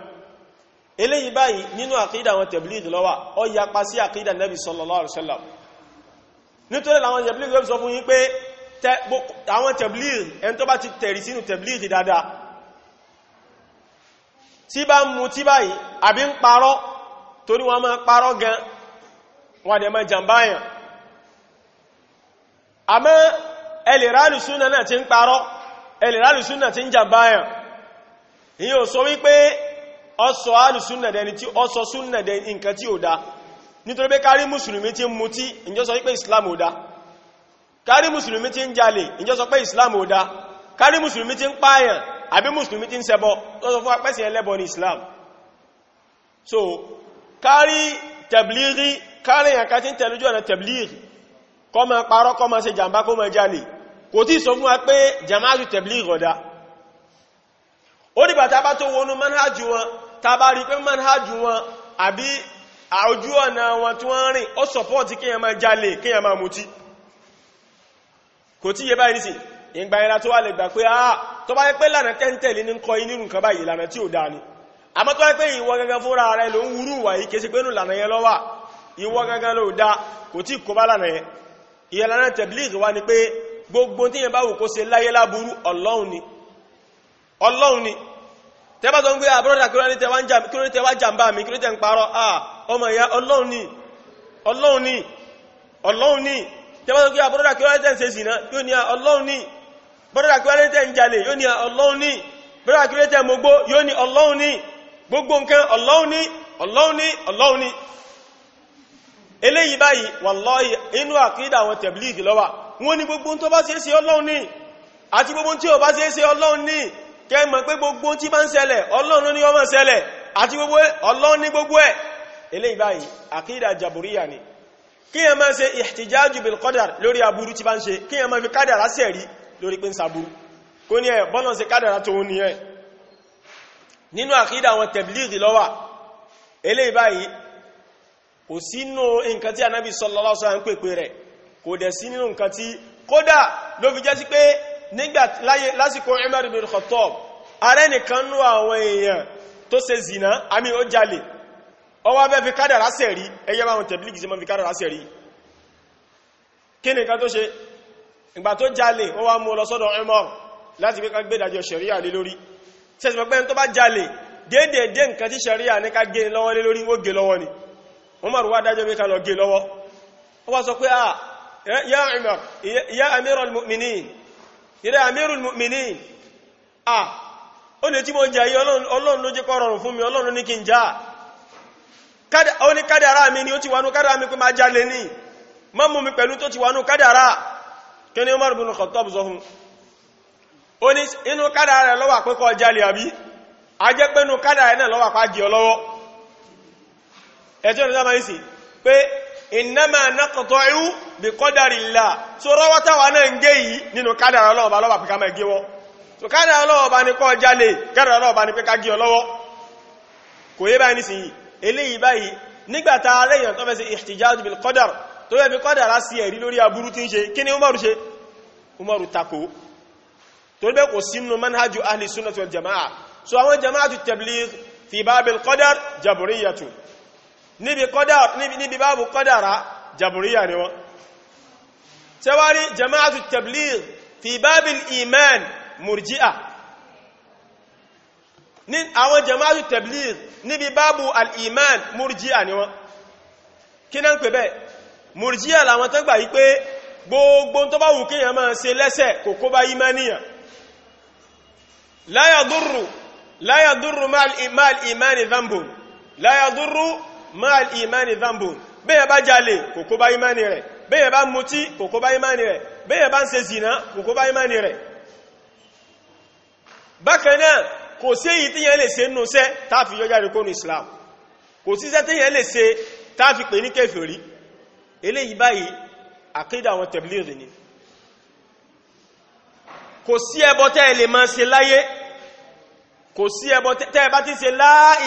eléyìí báyìí nínú àkídà àwọn tẹ̀blíìdì lọ́wà ọ yapa sí àkídà nẹ́bì sallallahu alaihi wasallam nítorí àwọn tẹ̀blíìdì lọ́wọ́ sọ fún yín pé àwọn tẹ̀blíìdì ẹni tó bá ti tẹ̀rì sínú tẹ̀blíìdì dáadáa tí bá ń mu tí báyìí àbí ń parọ́ torí wọ́n máa parọ́ gan wọ́n dẹ̀ máa jàmbá yàn àmọ́ ẹlẹ́ràálù súnà náà ti ń parọ́ ẹlẹ̀ alùsúnà ti ń jà báyàn ìyí ò sọ wípé ọsọ alùsúnà dẹni tí ọsọ súnà dẹni nǹkan tí ò dá nítorí pé kárí mùsùlùmí ti ń mutí ìjọ sọ wípé islam ò dá kárí mùsùlùmí ti ń jalè ìjọ pé islam ò dá kárí mùsùlùmí ti ń pààyàn àbí mùsùlùmí ti ń ṣẹbọ tó sọ fún apẹ́sìn ẹlẹ́bọ ní islam so kárí tẹ̀blírí kárí yàn ká ti ń tẹ̀lójú ọ̀nà tẹ̀blírí kọ́ ma parọ́ kọ́ ma ṣe jàmbá kó ma jalè kò tí sọ fún wa pé jama'atu tabligh ìrọ̀dá ó dìgbà tàbá tó wọnú manhajú wọn tàbá rí pé manhajú wọn àbí àójú ọ̀nà wọn tí wọ́n rìn ó sọpọ́ọ̀tì kíyàn máa jalè kíyàn máa kò tí yẹ báyìí sí ìgbà ìrà tó wà lè gbà pé àà ah, tó bá yẹ pé lànà tẹ́ntẹ̀lì ní kọ inú nǹkan báyìí lànà tí ò dáa ni àmọ́ tó yẹ pé ìwọ gangan wà yìí kéṣe pé lànà gbogbo tí yẹn bá wù kó ṣe láyé láburú ọlọ́run ni ọlọ́run ni tẹ́bá tó ń gbé àbúrọ́dà ah, kí ló ní tẹ́wà jàmbá mi kí ló tẹ́ ń parọ́ ah ọmọ ìyá ọlọ́run ni ọlọ́run ni ọlọ́run ni tẹ́bá tó gbé àbúrọ́dà ah, kí ló ní tẹ́ ń ṣe sìnà yóò ní ah, ọlọ́run ni bọ́dọ̀dà kí ló ní tẹ́ ń jalè yóò ní ọlọ́run ni bọ́dọ̀dà kí ló ní tẹ́ mọ́gbó yóò ní ọlọ́run ni gbogbo nǹkan ọlọ́run ni ọlọ́run ni ọlọ́run ni eléyìí báyìí wàlláhì inú àkídà àwọn tẹ̀blíìgì ló wọ́n ní gbogbo tó bá ṣe é ṣe ọlọ́run ní àti gbogbo tí ó bá ṣe é ṣe ọlọ́run ní kẹ́ mọ̀ pé gbogbo tí bá ń ṣẹlẹ̀ ọlọ́run ní ó máa ṣẹlẹ̀ àti gbogbo ọlọ́run ní gbogbo ẹ̀ eléyìí báyìí àkídà jàbúríyà ni kí ẹ máa ṣe ìhtìjájú bil qadar lórí aburú tí bá ń ṣe kí ẹ máa fi kádàrá sẹ̀rí lórí pé ń saburú kó ní ẹ bọ́nà kò sínú nǹkan tí anábì sallallahu alaihi wasallam ń pèpè rẹ̀ kò dẹ̀ sí nínú nǹkan tí kódà ló fi jẹ́ sí pé nígbà lásìkò Umar ibn Khattab ààrẹ nìkan nú àwọn èèyàn tó ṣe zìnà àmì ó jalè ọwọ́ abẹ́ fi kádàrá sẹ̀ rí ẹyẹ báwọn tẹ̀blíkì sí mọ́ fi kádàrá sẹ̀ rí kí ni nǹkan tó ṣe ìgbà tó jalè ó wá mú lọ sọ́dọ̀ Umar láti pé ká gbé lọ gé lọ́wọ́ ó sọ pé ah يا عمر يا امير المؤمنين يا امير المؤمنين ah ó lè tí mo jà yí ọlọ́run ló jẹ́ kó rọrùn fún mi ọlọ́run ní kí n já ó ní kádàrá mi ni ó ti wà ní kádàrá mi pé máa já lè ní má mú mi pẹ̀lú tó ti wà ní kádàrá kí ní Umar ibn Khattab sọ fún ó ní inú kádàrá rẹ̀ lọ́wà pé kó já lè àbí a jẹ́ pé inú kádàrá rẹ̀ náà lọ́wà pàájì ọlọ́wọ́ ẹ̀tí ọ̀nà innama naqta'u bi qadarillah so rọ́wọ́ táwa náà ń gé yìí nínú kádàrà ọlọ́ọ̀bá lọ́wọ́ pẹ̀ká mẹ́ gé wọ́n so kádàrà ọlọ́ọ̀bá ní kọ́ jálè kádàrà ọlọ́ọ̀bá ní pẹ́ká gí ọlọ́wọ́ kò yé báyìí nísìnyí eléyìí báyìí nígbàtà aléyàn tó fẹ́ sí ihtijaj bil qadar tó yẹ fi kádàrà sí ẹ̀rí lórí aburú tí ń ṣe umaru ṣe umaru tako torí bẹ́ẹ̀ kò sínú manhajú ahli sunnah wal jama'a so àwọn jama'a tabligh fi bábil qadar jaburiyatu níbi kọ́dàrá níbi báàbù kọ́dàrá jàbùríyà ni wọ́n tẹwárí jama'atu tabligh fi bábil iman murji'a ní àwọn jama'atu tabligh níbi báàbù al-iman murji'a ni wọ́n kí náà ń pè bẹ́ẹ̀ murji'a làwọn tó gbà yí pé gbogbo tó bá wù kíyàn máa ṣe lẹ́sẹ̀ kò kó bá imaniya la yadurru la imani dhanbun la máàl ìmáni zambo bẹ́yẹ̀ bá jalè kò kó bá ìmáni rẹ̀ bẹ́yẹ̀ bá mutí kò kó bá ìmáni rẹ̀ bẹ́yẹ̀ bá ń ṣe zìnà kò kó bá ìmáni rẹ̀ bákan náà kò sí èyí tí yẹn lè ṣe nínú iṣẹ́ táàfi yọ jáde kónú Islam kò sí iṣẹ́ tí yẹn lè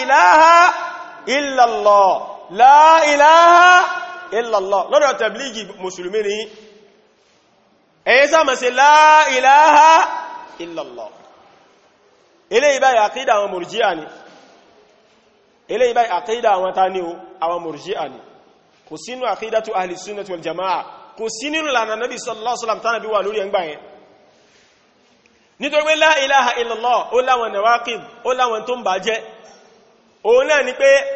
ilaha illallah la ilaha illallah lọ́dọ̀ tàbílìgì mùsùlùmí ni ẹ̀yẹ́ sáàmà sí la ilaha illallah ilé ìbáyìí àkídà àwọn mùrùjíà ni ilé ìbáyìí àkídà àwọn tání o àwọn mùrùjíà ni kò sínú àkídà tó ahli sunnah wal jama'a kò sínú lànà nabi sallallahu alaihi wasallam tánàbí wà lórí ẹgbà nítorí pé la ó láwọn nawaqid ó láwọn tó ń bàjẹ́ òun náà ni pé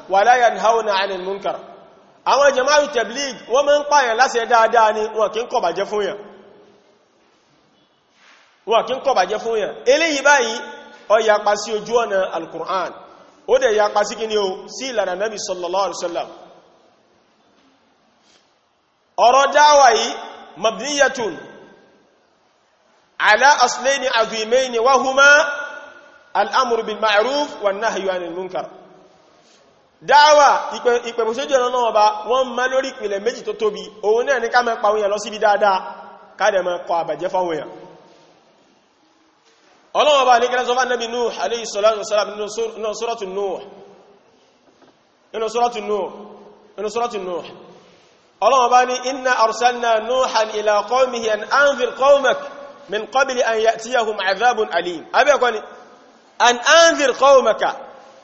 wala yanhauna 'anil munkar àwọn jama'u tabligh wọ́n máa ń pààyàn láṣẹ dáadáa ni wọn kí ń kọ̀ bàjẹ́ fún yàn wọn kí ń kọ̀ bàjẹ́ fún yàn eléyìí báyìí ó yapa sí ojú ọ̀nà al-Qur'an ó dẹ̀ yapa sí kíni o sí ìlànà nabi sallallahu dáwà ìpẹ̀bùsójú ọ̀nà náà ọba wọ́n má lórí ìpìlẹ̀ méjì tó tóbi òun náà ní ká mẹ́ pàwọn èèyàn lọ síbi dáadáa káàdẹ̀ mẹ́ kọ àbàjẹ́ fáwọn èèyàn ọlọ́wọ́ bá nígbẹ́ sọfá nẹ́bí Nuh alayhi salatu wassalam nínú suratu Nuh nínú suratu Nuh nínú suratu Nuh ọlọ́wọ́ bá ní inna arsalna Nuhan ila qawmihi an anzir qawmak min qabli an ya'tiyahum adhabun alim abẹ́ẹ̀kọ́ ni an anzir qawmaka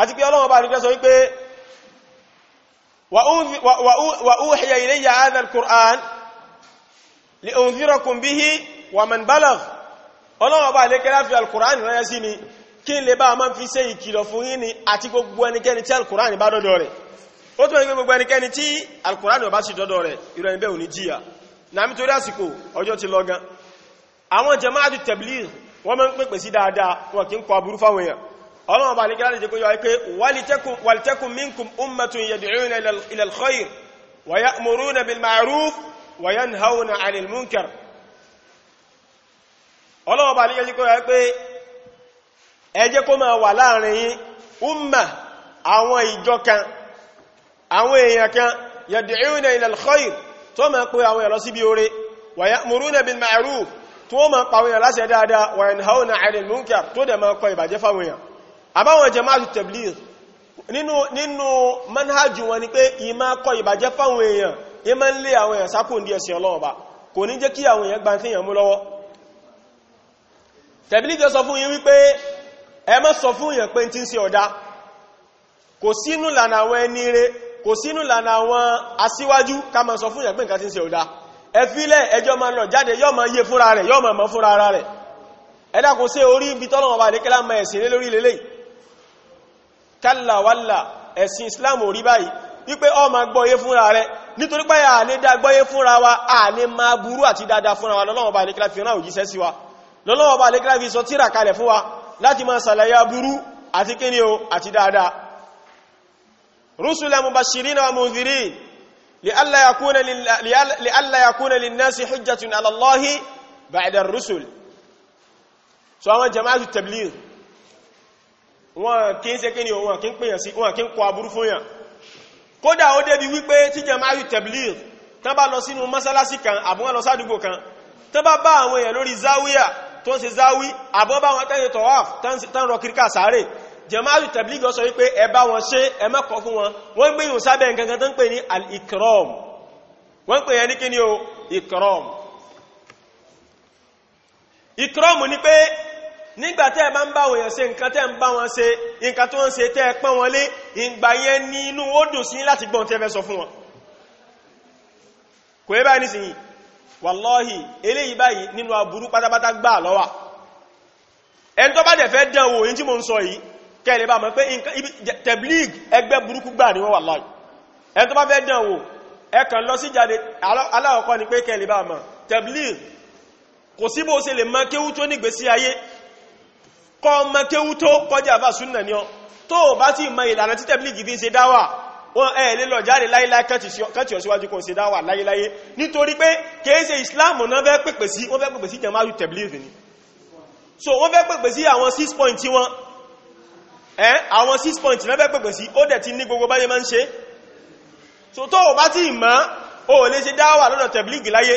àti pé ọlọ́wọ́ bá ní kẹ́ sọ wípé wa uhiya ilayya hadha al-Qur'an li unzirakum bihi wa man balagh ọlọ́wọ́ bá lè kẹ́lá fi al-Qur'an rẹ̀ sí mi kí n lè bá ma fi ṣe ìkìlọ̀ fún yín ni àti gbogbo ẹnikẹ́ni tí al bá dọ́dọ̀ rẹ̀ wọ́n máa ń pèpè sí dáadáa wọn kì í kọ aburú fáwọn èèyàn ọlọ́run bá nígbà láti jẹ́ kó yọ wípé wàlítẹ́kùn minkum ummatun yad'una ila al-khayr wa ya'muruna bil ma'ruf wa yanhauna 'anil munkar ọlọ́run bá nígbà jẹ́ kó yọ wípé ẹ jẹ́ kó máa wà láàrin yín umma àwọn ìjọ kan àwọn èèyàn kan yad'una ila al-khayr tó máa pàwọn ẹ̀lá sí dáadáa wa yanhauna 'anil munkar tó dẹ̀ máa kọ ìbàjẹ́ fáwọn èèyàn àbáwọn jamaatu tabligh nínú nínú manhajù wọn ni pé ìmá kọ ìbàjẹ́ fáwọn èèyàn ìmá ń lé àwọn èèyàn sákò ní ẹ̀sìn ọlọ́ọ̀bá kò ní jẹ́ kí àwọn èèyàn gbá tí èèyàn mú lọ́wọ́ tabligh sọ fún yín wípé ẹ má sọ fún èèyàn pé tí ń ṣe ọ̀dá kò sínú lànà àwọn ẹni rẹ kò sínú lànà àwọn kalla walla ẹ̀sìn islam ò rí báyìí wípé ọ ma gbọ́yé fúnra rẹ nítorí pé a lè dá gbọ́yé fúnra wa a lè ma burú àti dáadáa fúnra wa lọ́lọ́wọ́ bá alékílá fi rán òjíṣẹ́ sí wa lọ́lọ́wọ́ bá alékílá fi sọ tíra kalẹ̀ fún wa láti ma sàlàyé burú àti kíni wọn kí ń ṣe kí ni wọn kí ń pèyàn sí wọn kí ń kọ aburú fún yàn kódà ó débi wípé tí jẹmáyù tẹ̀blìr tán bá lọ sínú mọ́sálásí kan àbúwọ́n lọ sádùgbò kan tán bá bá àwọn èèyàn lórí záwíyà tó ń ṣe záwí àbọ́ bá wọn tẹ́yẹ tọ́wàf tán rọ kíríkà sáré jẹmáyù tẹ̀blìr sọ wípé ẹ bá wọn ṣe ẹ mẹ́kọ̀ fún wọn wọ́n gbé yìí sábẹ́ nǹkan kan tó ń pè ní al ni o nígbà tẹ́ ẹ bá ń bá wọn yẹn ṣe nǹkan tẹ́ ń bá wọn ṣe nǹkan tó ń ṣe tẹ́ ẹ pọ́n wọn lé ìgbà ní inú ó dùn sí láti gbọ́n tẹ́ fẹ́ sọ fún wọn kò yẹ nísìnyí wàlọ́hì eléyìí báyìí nínú pátápátá gbà lọ́wà tó bá dẹ̀ fẹ́ tí mo ń sọ yìí kẹ́lẹ̀ bá mọ̀ pé tẹ̀blíg ẹgbẹ́ burúkú gbà ní wọ́n kọ ọmọ kéwú tó kọjá bá súnnà ní ọ tó bá tí ma ìlànà tí tẹ́bílìkì fi ṣe dáwà wọ́n ẹ̀ lè lọ jáde láíláí kẹ́tì ọ̀síwájú kan ṣe dáwà láíláí nítorí pé kèése islam náà fẹ́ pèpè sí wọ́n fẹ́ pèpè sí jamaru so wọ́n fẹ́ pèpè sí àwọn 6 point wọn ẹ́ àwọn 6 point náà so tó bá tí ma ó lè ṣe dáwà tẹ́bílìkì láyé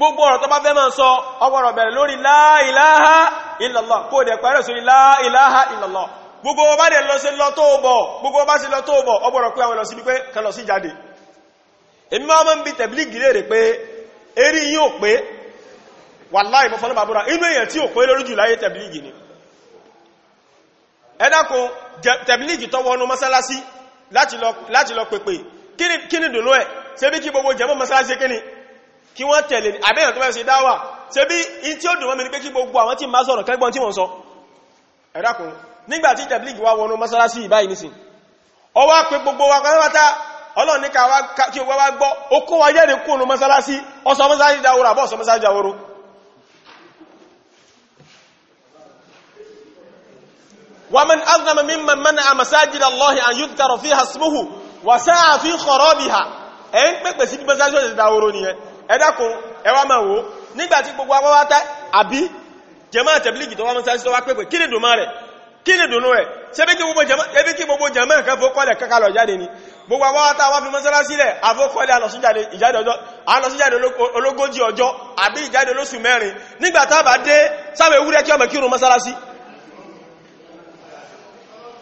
gbogbo ọ̀rọ̀ tó bá fẹ́ máa sọ ọgbọ̀rọ̀ bẹ̀rẹ̀ lórí la ilaha illallah kó dẹ̀ pẹ̀rẹ̀ sórí la ilaha illallah gbogbo ọba dẹ̀ lọ sí lọ tó bọ̀ gbogbo ọba sí lọ tó bọ̀ ọgbọ̀rọ̀ pé àwọn lọ kan lọ sí jáde èmi máa máa ń bi tẹ̀bílì gbogbo masalasi kí wọ́n tẹ̀lé àbẹ́yàn tó bá ṣe dáwà ṣe bí in tí ó dùn wọ́n mi ní pé kí gbogbo àwọn tí máa sọ̀rọ̀ kẹ́gbọ́n tí wọ́n sọ ẹ dákun nígbàtí tẹ̀blígì wá wọnú mọ́sálásí ìbáyìí nísìn ó wá pé gbogbo wa pátápátá ọlọ́run ní kí wá gbọ́ ó منع مساجد الله أن يذكر فيها اسمه في خرابها ẹ̀yìn pẹ́pẹ̀ sí bí mọ́sálásí nìyẹn ẹ dákun ẹ wá máa wò nígbàtí gbogbo awọ́wátá àbí jàmáà tẹ̀blígì tó wá mọ́ sáàsì tó wá pẹ́pẹ́ kí ni dùnmọ́ rẹ̀ kí ni dùnú rẹ̀ ṣebí kí gbogbo jàmáà kan fókọ́lẹ̀ kákalọ̀ jáde ni gbogbo awọ́wátá wá fi mọ́sálásí rẹ̀ àfókọ́lẹ̀ alọ́síjáde ológójì ọjọ́ àbí ìjáde olóṣù mẹ́rin nígbàtá bá dé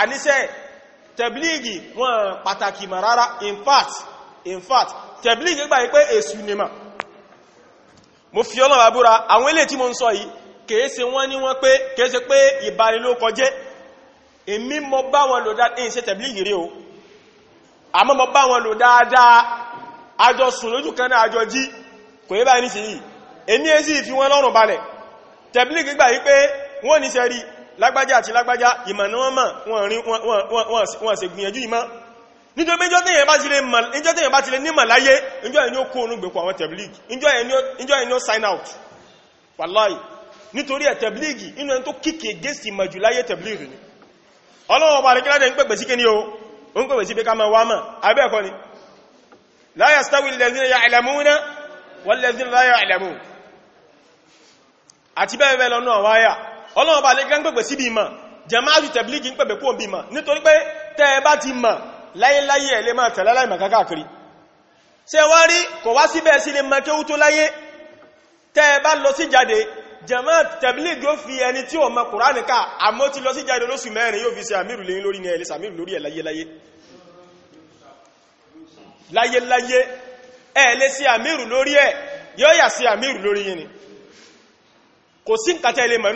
àníṣẹ́ tẹ̀blígì wọ́n pàtàkì mà rárá in fact in fact tẹ̀blígì gbà yí pé èsù ni mà mo fi ọlọ́wà búra àwọn ilé tí mo ń sọ yìí kèése wọ́n ní wọ́n pé kèése pé ìbanilókọjẹ́ èmi mọ o àmọ́ mọ bá wọn lò dáadáa àjọ sùn lójú kan náà àjọ jí kò yẹ báyìí nísìnyí èmi lọ́rùn balẹ̀ tẹ̀blígì gbà lágbájá àti lágbájá ìmọ̀ ni wọ́n mọ̀ wọ́n sì gbìyànjú ìmọ̀ nítorí ìjọ́ tẹ́yẹ̀ bá ti lè nímọ̀ láyé ìjọ́ ẹni ó kó orún gbèkọ̀ àwọn tẹ̀blígì ìjọ́ ẹni ó sign out wàláì nítorí ẹ̀ tẹ̀blígì inú ẹni tó kíkè gẹ́sì mọ̀jù láyé tẹ̀blígì ni ọlọ́wọ́ bá rẹ̀kílẹ̀ ń pẹ̀pẹ̀ sí kí ni o ń pẹ̀pẹ̀ sí pé ká máa wá mọ̀ abẹ́ẹ̀kọ́ ni la yastawi alladhina ya'lamuna walladhina la ya'lamun àti bẹ́ẹ̀ bẹ́ẹ̀ lọ́nà àwáyà ọlọ́run bá lè gán pẹ̀pẹ̀ síbi ìmọ̀ jẹmáàtù tẹ̀blígì ń pẹ̀pẹ̀ kó bí ìmọ̀ nítorí pé tẹ́ bá ti mọ̀ láyéláyé ẹ̀ lè máa tẹ̀lá láìmọ̀ kákàkiri ṣe wá rí kò wá síbẹ̀ sí lè mọ̀ kéwú tó láyé tẹ́ bá lọ sí jáde jẹmáàtù tẹ̀blígì ó fi ẹni tí ó mọ̀ kùránì ká àmọ́ ti lọ sí jáde lóṣù ni kò sí nǹkan tẹ́ ilé mọ̀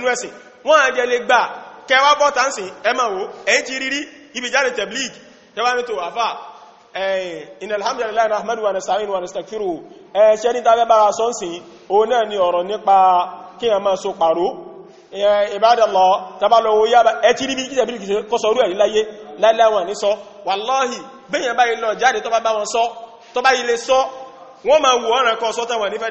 wọ́n àjẹ́ lè gbà kẹwàá bọ́ta ń sìn ẹmà wo ẹ̀yìn ti rírí ibi jáde tẹ̀blík tẹwàá ní tó àfà ẹ̀yìn rahmanu wa nasta'in wa nastaghfiru ẹ̀ṣẹ́ ní tàbí bára ni ọ̀rọ̀ nípa kí ẹ máa so pàró ìbádàlọ́ tàbálọ́wọ́ yába ẹ ti rí bí kí tẹ̀blík kọ́ sọ orú ẹ̀ láyé láìláwọn ní sọ wàláhì bẹ́yàn báyìí lọ jáde tó bá bá wọn sọ tó bá ilé sọ wọ́n ma wù ọ̀rẹ́ kọ́ sọ́tẹ̀wọ̀n nífẹ́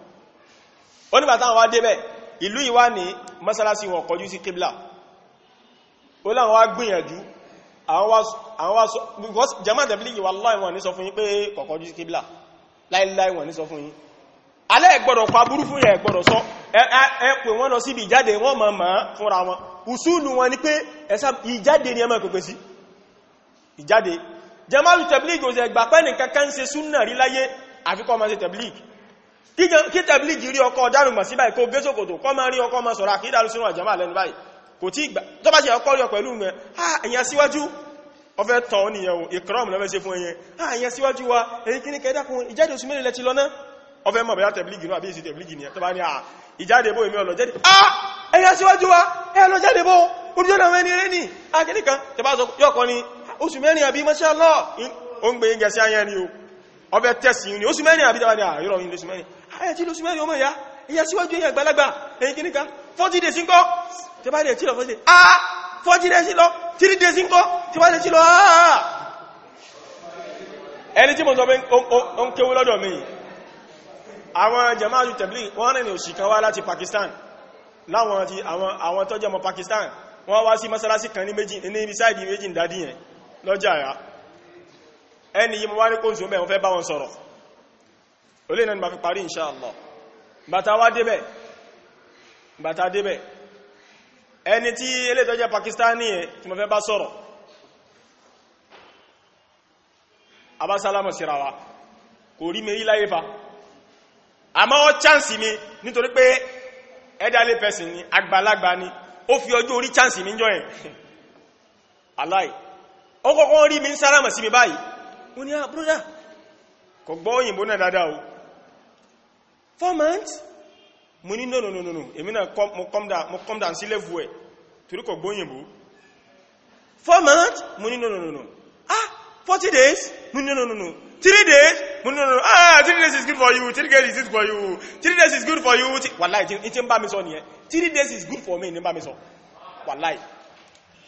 ó nígbà táwọn wá débẹ̀ ìlú ìwá ní mọ́sálásí wọn kọjú sí kíblà ó láwọn wá gbìyànjú àwọn wá sọ because jama tẹ̀blígì wallahi wọ́n ní sọ fún yín pé kò kọjú sí kíblà láìláì wọ́n ní sọ fún yín alẹ́ ẹ̀gbọ́dọ̀ pa burú fún yẹn ẹ̀gbọ́dọ̀ sọ ẹ pè wọ́n lọ síbi ìjáde wọ́n mọ̀ mọ̀ fúnra wọn ùsùlù wọn ni pé ẹ̀sà ìjáde ni ẹ máa pèpè kí tẹ̀blígì rí ọkọ̀ dárùnmọ̀ sí báyìí kó gẹ́sòkòtò kọ́ máa rí ọkọ̀ máa sọ̀rọ̀ àkídàrú sínú àjàmà lẹ́nu báyìí kò tí ìgbà tó bá ṣe ọkọ̀ rí ọpẹ̀lú mẹ́ àyàn síwájú ọfẹ́ tàn nìyẹn o ìkọ́rọ̀m lọ́fẹ́ ṣe fún ẹyẹn àyàn síwájú wa èyí kí ní kẹ́dàkùn ìjáde oṣù mẹ́rin lẹ́ti lọ́nà ọfẹ́ mọ̀ bẹ̀yà tẹ̀blígì náà bí i sí tẹ̀blígì ni tó bá ní à ìjáde bó èmi ọlọ jáde ah ẹ̀yà síwájú wa ẹ lọ jáde bó ojú ọ̀nà ẹni rẹ̀ ni akẹ́nìkan tẹ bá sọ yọkọ ni oṣù mẹ́rin àbí mashallah ó ń gbé yẹn sí ayẹ́ ni o ọbẹ̀ tẹ́sì ní oṣù mẹ́rin àbídáwà ní ah, àyọ́rọ̀ yìí lóṣù mẹ́rin ayẹ́ ah, tí lóṣù mẹ́rin ọmọ ìyá ìyá síwájú èyàn gbalagbà ẹ̀yìn kí níka 40 days ń kọ́ tí bá lè tí lọ 40 days ah 40 days lọ 3 days ń kọ́ tí bá lè tí lọ ah ẹni tí mo sọ pé ó ń kéwú lọ́dọ̀ mi àwọn Pakistan láwọn ti àwọn tó jẹ́ mọ́ Pakistan wọ́n wá sí mọ́sálásí kan ní méjì ní ibi sáìdì méjì ẹni yí mo wá ní kó ń zoomẹ́ wọ́n fẹ́ bá wọn sọ̀rọ̀ olè náà ni ma fi parí inṣáàlá bàtà wá débẹ̀ bàtà débẹ̀ ẹni tí elétọ́ jẹ́ pakistani ẹ tí mo fẹ́ bá sọ̀rọ̀ abásálámọ̀ síra wa kò rí mi rí láyé fa àmọ́ ọ chánsì mi nítorí pé elderly person ni àgbàlagbà ni ó fi ọjọ́ orí chánsì mi jọ ẹ̀ aláì ó kọ́kọ́ rí mi ń sálámọ̀ sí mi báyìí ó ní àbúrúdá ah, kò gbọ́ òyìnbó náà dáadáa o four months mo ní no no no no èmi náà mo come down sí level ẹ̀ torí kò gbọ́ òyìnbó four months mo ní no no no no ah forty days mo ní no no no no three days mo ní no no no ah three days is good for you three days is good for you three days is good for you wàláì tí ń bá mi sọ nìyẹn three days is good for me ní bá mi sọ wàláì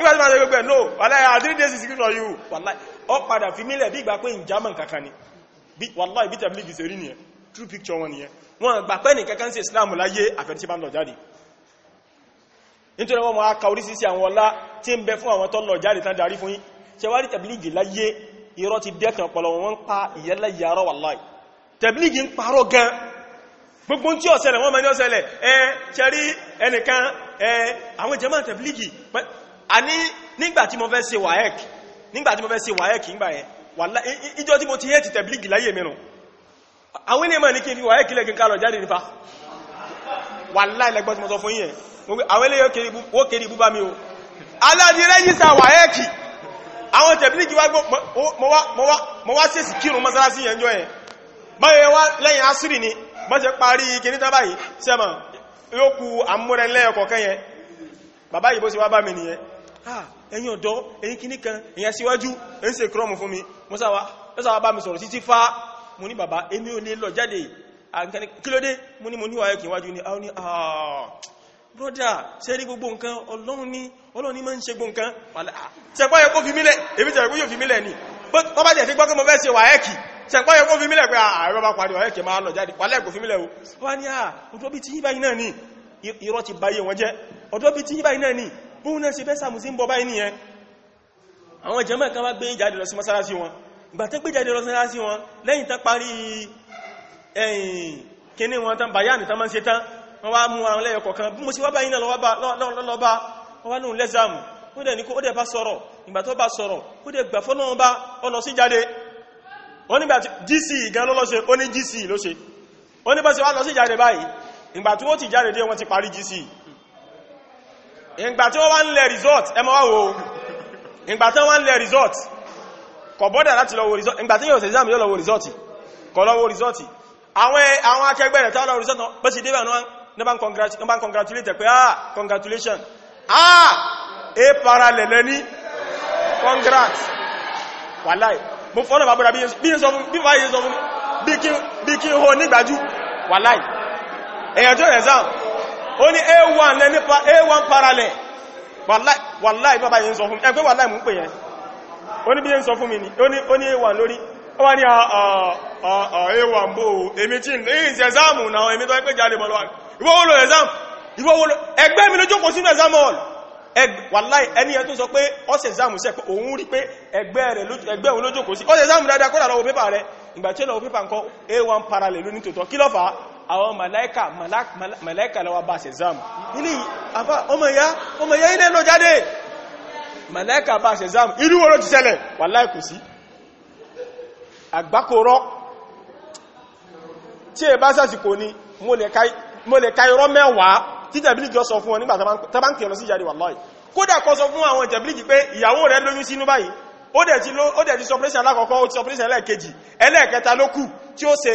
nígbà tí ma ṣe no wàláì i three days is good for you wàláì ọ padà fi mílẹ̀ bí ìgbà pé in german kankan ni wàláì bí tẹ̀bílì gbèsè rí nìyẹn true picture wọn nìyẹn wọn gbà pé ní kankan sí islam láyé àfẹ́tíṣẹ́ bá ń lọ jáde nítorí wọn máa ka oríṣiríṣi àwọn ọlá tí ń bẹ fún àwọn tó lọ jáde tán darí fún yín ṣe wá rí pa ìyẹ́lẹ̀ yàrá wàláì tẹ̀bílì ń parọ́ gan gbogbo tí ó ṣẹlẹ̀ wọ́n mẹ́ni ó ṣẹlẹ̀ ẹ ṣẹ́rí ẹnìkan ẹ àní nígbàtí mo fẹ́ ṣe waec nígbàtí mo fẹ́ ṣe waec nígbà yẹn wàláhì ìjọ tí mo ti hẹ́ẹ̀tì tẹ̀blígì láyé mìíràn àwọn ilé mọ̀ ní kí n fi waec lẹ́gìn kálọ̀ jáde nípa wàláhì lẹ́gbọ́n mo o buba mi o ẹ̀yin ọ̀dọ́ ẹ̀yin kíní kan èyàn síwájú ẹ̀yin ṣe kírọ́mù fún mi mọ́sáwá bá mi sọ̀rọ̀ títí fá mo ní bàbá èmi ò lè lọ jáde kílódé mo ní mo ní wáyé kíwájú ni a ní àà brọ́dà ṣe rí gbogbo nǹkan ọlọ́run ní ọlọ́run ń ṣe gbogbo nǹkan ah, ni bọ́bá jẹ̀ fi gbọ́gbọ́ mọ́ fẹ́ ṣe wáyẹ́kì ṣẹ̀páyẹ kó fi mílẹ̀ pé ààrẹ ah, bá parí wáyẹ́kì máa lọ jáde pàlẹ́ kó fi mílẹ̀ o wá ní à ah, ọdọ́bí tí yí báyìí náà ọdọ́bí tí yí báyìí náà ni bóun náà ṣe bẹ́ sàmù sí ń bọ̀ báyìí nìyẹn àwọn jàmáà kan wá gbé jáde lọ sí mọ́sálásí wọn ìgbà tẹ́ gbé jáde lọ sí mọ́sálásí wọn lẹ́yìn tán parí ẹ̀yìn kíní wọn tán bàyánì tán máa ń ṣe tán wọ́n wá mú àwọn lẹ́yọ kọ̀ọ̀kan bí mo ṣe wá báyìí náà lọ́lọ́bá wọ́n wá lóun lẹ́sàmù ó dẹ̀ ní bá sọ̀rọ̀ ìgbà tí wọ́n wá ń lẹ resort ẹmọ wá wo ìgbà tí wọ́n wá ń lẹ resort kọ̀ bọ́dà láti lọ wo resort ìgbà tí yóò ṣe exam yóò lọ wo resort kọ̀ lọ wo resort àwọn akẹgbẹ́ rẹ̀ tààlọ resort bó ṣe débẹ̀ ní bá ń congratulate ah congratulation ah e para lẹ̀lẹ́ ní congrat wàláì mo fọ́nà bàbúrà bí i sọ fún bí i sọ fún bí kí n ho nígbàjú exam ó ní a1 lẹ nípa a1 parallel wàláì sọ fún mi ẹgbẹ́ wàláì mú bí yẹn sọ fún mi a1 lórí ó wá ní a1 ah, ah, ah, bó èmi tí ní ìsẹ̀zámù náà èmi tó ẹgbẹ́ jáde bọ́lọ́wà ìwọ́wọ́lọ́ àwọn màláíkà màláíkà lọ́wọ́ bá ṣe záàmù ilé àbá ọmọ ìyá ọmọ ìyá ilé lọ jáde màláíkà bá ṣe záàmù irú wo ló ti ṣẹlẹ̀ wàláhì kò sí àgbákòrọ́ tí ẹ bá sásìkò ni mo lè ka irọ́ mẹ́wàá tí jẹ̀bílì jọ sọ fún ọ nígbà tàbá ń kìrọ sí jáde wàláhì kódà kọ sọ fún àwọn jẹ̀bílì pé ìyàwó rẹ̀ lóyún sínú báyìí ó dẹ̀ ti sọpírẹ́sì alákọ̀ọ́kọ́ ó ti sọpírẹ́sì ẹlẹ́ẹ̀kejì ẹlẹ́ẹ̀kẹta ló kù tí ó ṣe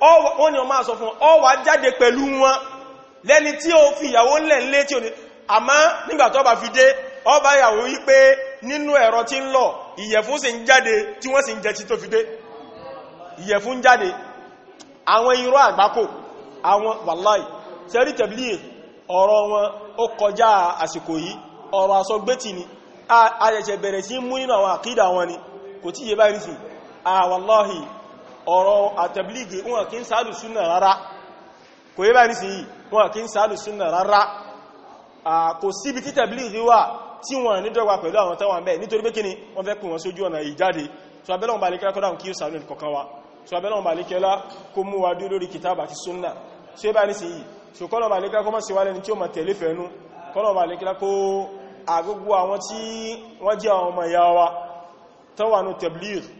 wọ́n ni o máa sọ fún ọ wà jáde pẹ̀lú wọn lẹ́ni tí ó fi ìyàwó lẹ̀ lé tí ó ní àmá nígbàtọ́ bá fi dé ọ bá ìyàwó yí pé nínú ẹ̀rọ tí ń lọ ìyẹ̀fun sì ń jáde tí wọ́n sì ń jẹ tí tó fi dé ìyẹ̀fun jáde àwọn irọ́ àgbákò àwọn wàláì sẹ́rí ọ̀rọ̀ àtẹ̀blígì wọn kí ń sáàlù súnà rárá kò yẹ bá ní sí yìí wọn kí ń sáàlù súnà rárá kò síbi tí tẹ̀blígì wà tí wọn ní dọ́gba pẹ̀lú àwọn tẹ́wà mẹ́ nítorí pé kíni wọ́n fẹ́ kún wọn sójú ọ̀nà ìjáde so abẹ́lọ́wọ̀n balikẹ́lá kọ́dá kí ó sàánú so abẹ́lọ́wọ̀n balikẹ́lá kó mú wa dúró lórí kìtàbà àti súnà so yẹ bá ní sí yìí so kọ́nà balikẹ́lá kó mọ́ sí wálẹ́ni tí ó wa tọ́wà nù tẹ̀blígì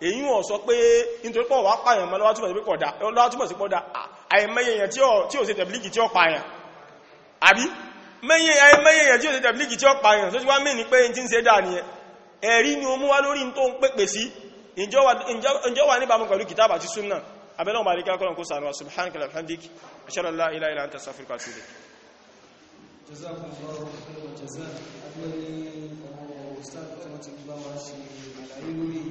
èyí wọ́n sọ pé nítorí pọ̀ wá pààyàn mọ́ lọ́wọ́túmọ̀ sí pọ́dá àìmẹ́yẹyàn tí ó ṣe tẹ̀blíkì tí ó pààyàn àbí àìmẹ́yẹyàn tí ó ṣe tẹ̀blíkì tí ó pààyàn tó ti wá mẹ́ pé in ń dà ní ẹ̀rí ni o mú wá lórí tó ń pèpè sí ìjọ wà níbàmú pẹ̀lú kìtàbà ti jazakumullahu khairan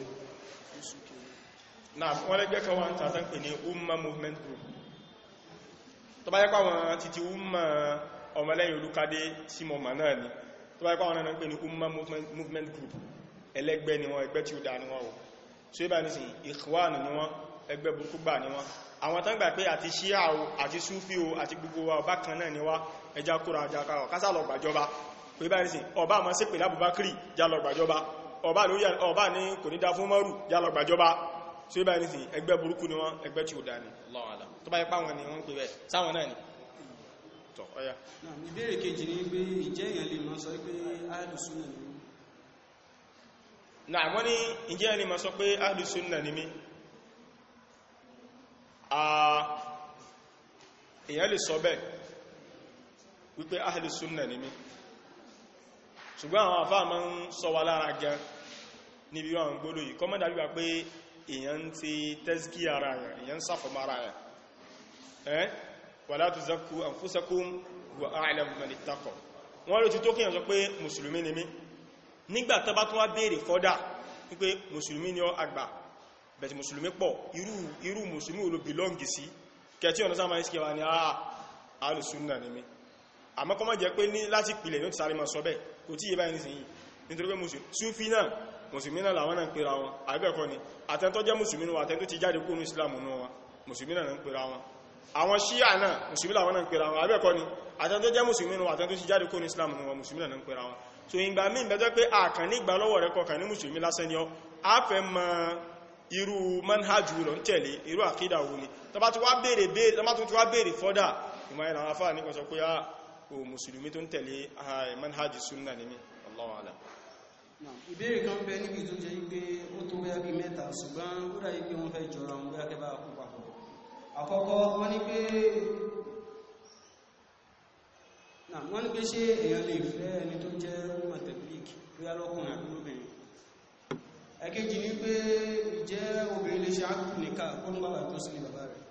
na wọ́n lẹ́gbẹ́ kan wá ń pè ní umma movement group tó bá yẹ́pá wọn títí umma ọmọlẹ́yìn olúkadé sí mọ̀mà náà ni tó bá yẹ́pá wọn náà pè ní umma movement group ẹlẹ́gbẹ́ ni wọ́n ẹgbẹ́ tí ó dá ni wọ́n o so ibà nísìn ìkwáànù ni wọ́n ẹgbẹ́ burúkú gbà ni wọ́n àwọn tán gbà pé àti ṣíà o àti súfí o àti gbogbo wa ọba kan náà ni wá ẹja kóra ajá káwọ̀ kásà lọ gbàjọba pé bá nísìn ọba àmọ́ sí pè lábùbákírì já lọ gbàjọba ọba ní kò ní dá fún mọ́rù já lọ gbàjọba so ibá ní sí ẹgbẹ́ burúkú ni wọ́n ẹgbẹ́ tí ó dá ní lọ́wọ́lá tó bá ipá wọn ni wọ́n pè rẹ̀ sáwọn náà ni tọ́ ọya ìbéèrè kejì ní pé ìjẹ́ èèyàn lè máa sọ pé ni mí náà wọ́n ní ìjẹ́ èèyàn lè máa sọ pé alùsúnà ni lè sọ bẹ́ẹ̀ wípé alùsúnà ni ṣùgbọ́n àwọn àfáà máa ń sọ wa lára gan níbi wọn kọ́mọ́dà èyàn ń ti tẹ́síkí ara yẹn èyàn ń sàfọ́mọ́ ara yẹn ẹ́ wala tuzakku anfusakum wa a'lamu man ittaqa wọ́n ló ti tó kíyàn sọ pé mùsùlùmí ni mí nígbà tó bá wá béèrè fọ́dà wípé mùsùlùmí ni ọ àgbà bẹ̀tì mùsùlùmí pọ̀ irú mùsùlùmí olóbi lọ́ngì sí kẹtí ọ̀nà sáà máa ń síkẹwà ní àà alùsùnà ní mi àmọ́kọ́ mọ́ jẹ́ pé ní láti pìlẹ̀ ní ó ti sáré máa sọ mùsùlùmí náà làwọn náà ń pera wọn àbẹ́ẹ̀kọ́ ni àtẹ́ntọ́ jẹ́ mùsùlùmí náà àtẹ́ntọ́ ti jáde kúrò ní islam náà wọn mùsùlùmí náà ń pera wọn àwọn ṣíyà náà mùsùlùmí làwọn náà ń pera wọn àbẹ́ẹ̀kọ́ ni àtẹ́ntọ́ jẹ́ mùsùlùmí náà àtẹ́ntọ́ ti jáde kúrò ní islam náà wọn mùsùlùmí náà ń pera wọn so ìgbà míì bẹ́jọ́ ni ọ á fẹ́ mọ irú manhajú lọ ń ah, ah, Allahu alam ìbéèrè kan bẹ níbi tó jẹ́ wípé ó tó bóyá bí mẹ́ta ṣùgbọ́n ó dà wípé wọ́n fẹ́ jọra wọn bóyá kẹbà kú papọ̀ àkọ́kọ́ wọ́n ní pé wọ́n ní pé ṣé èèyàn lè fẹ́ ẹni tó jẹ́ mateblik bóyá lọ́kùnrin àbí lóbìnrin ẹ̀kejì ní pé ìjẹ́ obìnrin lè ṣe ákùn nìka kó ń bàbá tó sílé bàbá rẹ̀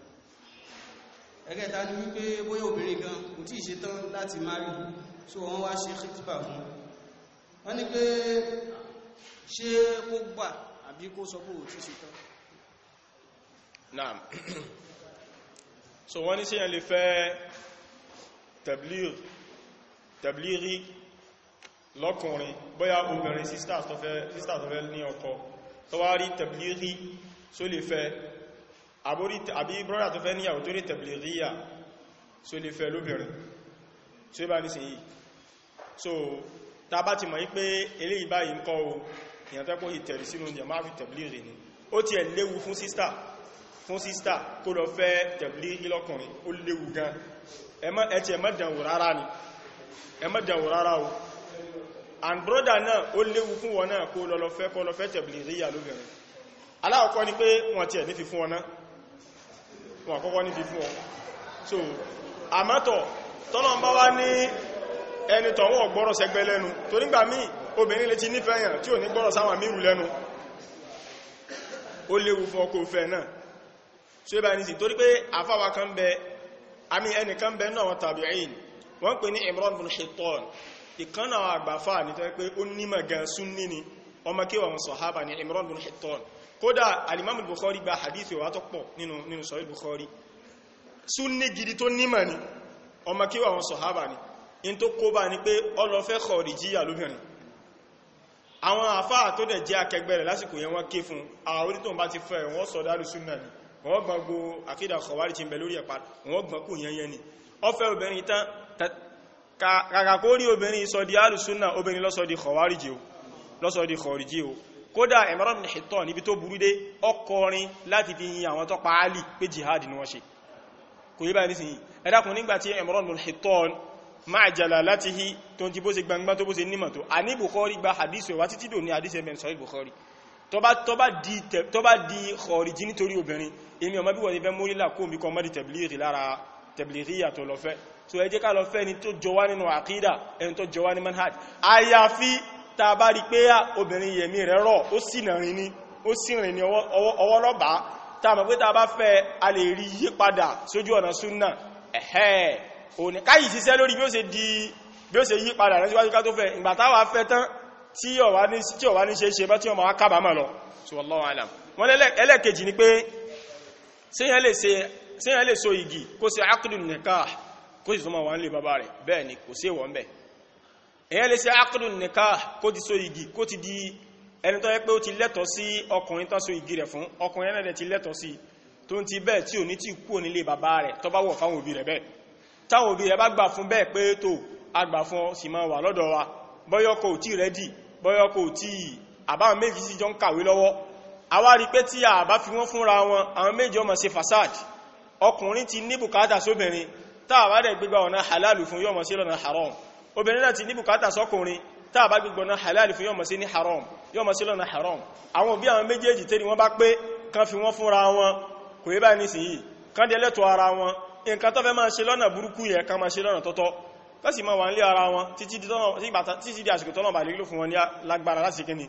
ẹ̀kẹta ní wípé bóyá obìnrin gan kò tí ì ṣetán láti wọ́n ní pé ṣé kó gbà àbí kó sọ pé òtún sí tán naam so wọ́n ní ṣé yẹn lè fẹ́ tàbílìrí lọ́kùnrin bóyá obìnrin sisters tó fẹ́ ní ọkọ tó wá rí tàbílìrí só lè fẹ́ àbí brọ́dà tó fẹ́ níyàwó tó rí tàbílìrí yà só lè fẹ́ lóbìnrin so ibá ní sí yìí so tàbá ti mọ̀ yí pé eléyìí báyìí ń kọ́ o èyàn tẹ́kọ́ ìtẹ̀rì sínú jàmá fi tẹ̀blìrì ni ó ti ẹ̀ léwu fún sísta fún sísta kó lọ fẹ́ tẹ̀blìrì lọ́kùnrin ó léwu gan ẹ̀tì ẹ̀mọ́dànwò rárá ni ẹ̀mọ́dànwò rárá o and broda náà ó léwu fún wọn náà kó lọ fẹ́ kó lọ fẹ́ tẹ̀blìrì yà lóbìnrin ni pé wọ́n ti so àmọ́tọ̀ tọ́lọ̀ ń bá ẹni tọ̀wọ́ gbọ́rọ̀ sẹ́gbẹ́ lẹ́nu tó nígbà míì obìnrin lè ti nífẹ̀ẹ́yàn tí ò ní gbọ́rọ̀ sáwọn mírù lẹ́nu ó léwu fún ọkọ òfẹ́ náà tí ó bá ní sí torí pé àfáwà kan bẹ àmì ẹni kan bẹ náà wọn tabi'in wọ́n pè ní Imran bin Hittan ìkan àwọn àgbàfà ní tó pé ó nímọ̀ gan súnní ni ọmọ kí wọn sàhábà ní Imran bin Hittan kódà alimami Bukhari gba hadithi wa tó pọ̀ nínú nínú Sahih Bukhari súnní gidi tó nímọ̀ ni ọmọ kí wọn sàhábà ni in tó kóbá ní pé ọlọ́fẹ́ kọ̀ọ̀rìjíyà lóbìnrin àwọn àfáà tó dẹ̀ jẹ́ akẹgbẹ́ rẹ̀ lásìkò yẹn wọ́n ké fún àwọn tó ń bá ti fẹ́ wọ́n sọ dálù súnà ni wọ́n gbọ́n gbó àkídà kọ̀wárí ti ń bẹ lórí ẹ̀pá wọ́n gbọ́n ni ọfẹ́ obìnrin tán kàkà kó rí obìnrin sọ di àlù súnà obìnrin lọ́sọ di kọ̀wárí jì o lọ́sọ di kọ̀wárí kódà Imran ibn níbi tó burú dé ọkọrin láti fi yin àwọn tó paálì pé jihad ni wọ́n ṣe kò yí báyìí nísìnyí ẹ dákun nígbà tí máa jàlá láti hí tó ti bó ṣe gbangba tó bó ṣe nímọ̀ tó a ní Bukhari gba hadith ẹ̀wà títí dò ní hadith ẹ̀mẹ̀ sọ́rí Bukhari tó bá di kọ̀ọ̀rìjí nítorí obìnrin èmi ọmọ bí wọ́n ti fẹ́ mórí làkó mi mọ́ di tẹ̀blìrì lára tẹ̀blìrì yàtọ̀ lọ́fẹ́ so ẹ jẹ́ ká ni tó jọwá nínú àkídà ẹni tó jọwá ní manhaj àyàfi ta bá rí pé obìnrin yẹ̀mí rẹ̀ rọ̀ ó sì rìn ní ó sì rìn ní ọwọ́ lọ́bàá ta mọ̀ pé ta bá òní káyì síṣẹ́ lórí bí ó ṣe di bí ó ṣe yí padà rẹ̀ síwájú ká tó fẹ́ ìgbà táwà fẹ́ tán tí ọ̀wá ní ṣe ṣe bá tí ọmọ wá kábàámọ̀ lọ so wallahu alam wọ́n ẹlẹ́kejì ni pé séyàn lè so igi kó ṣe aqdun nikah kó sì tó máa wà nílé bàbá rẹ̀ bẹ́ẹ̀ ni kò sí ìwọ̀n bẹ̀ èyàn lè ṣe aqdun nikah kó ti so igi kó ti di ẹni tó yẹ pé ó ti lẹ́tọ̀ọ́ sí ọkùnrin tán so igi rẹ̀ fún ọkùnrin ẹ̀rẹ̀ ti lẹ́tọ̀ọ́ sí tó ń ti bẹ́ẹ̀ tí ò ní tí kú nílé bàbá rẹ̀ tó bá wọ̀ fáwọn òbí rẹ̀ bẹ́ẹ̀ táwọn òbí rẹ̀ bá gbà fún bẹ́ẹ̀ pé tó agbà fún ọ sì máa wà lọ́dọ̀ wa bọ́yọ́kọ̀ ò tí rẹ́dì bọ́yọ́kọ̀ ò tí àbáwọn méjì sí jọ ń kàwé lọ́wọ́ àwa rí pé tí a bá fi wọ́n fúnra wọn àwọn méjì ọmọ ṣe fasad ọkùnrin ti ní bùkátà sóbìnrin táà bá dẹ̀ gbégbà ọ̀nà haram obìnrin náà ti ní haram yọ́mọ sí lọ́nà haram àwọn òbí àwọn méjèèjì tẹ́ni wọ́n bá pé kan nǹkan tó fẹ́ máa ṣe lọ́nà burúkú yẹn ká máa ṣe lọ́nà tọ́tọ́ tó sì máa wà nílé ara wọn títí di àsìkò tọ́nà bà lílò fún wọn ní lágbára láti kíni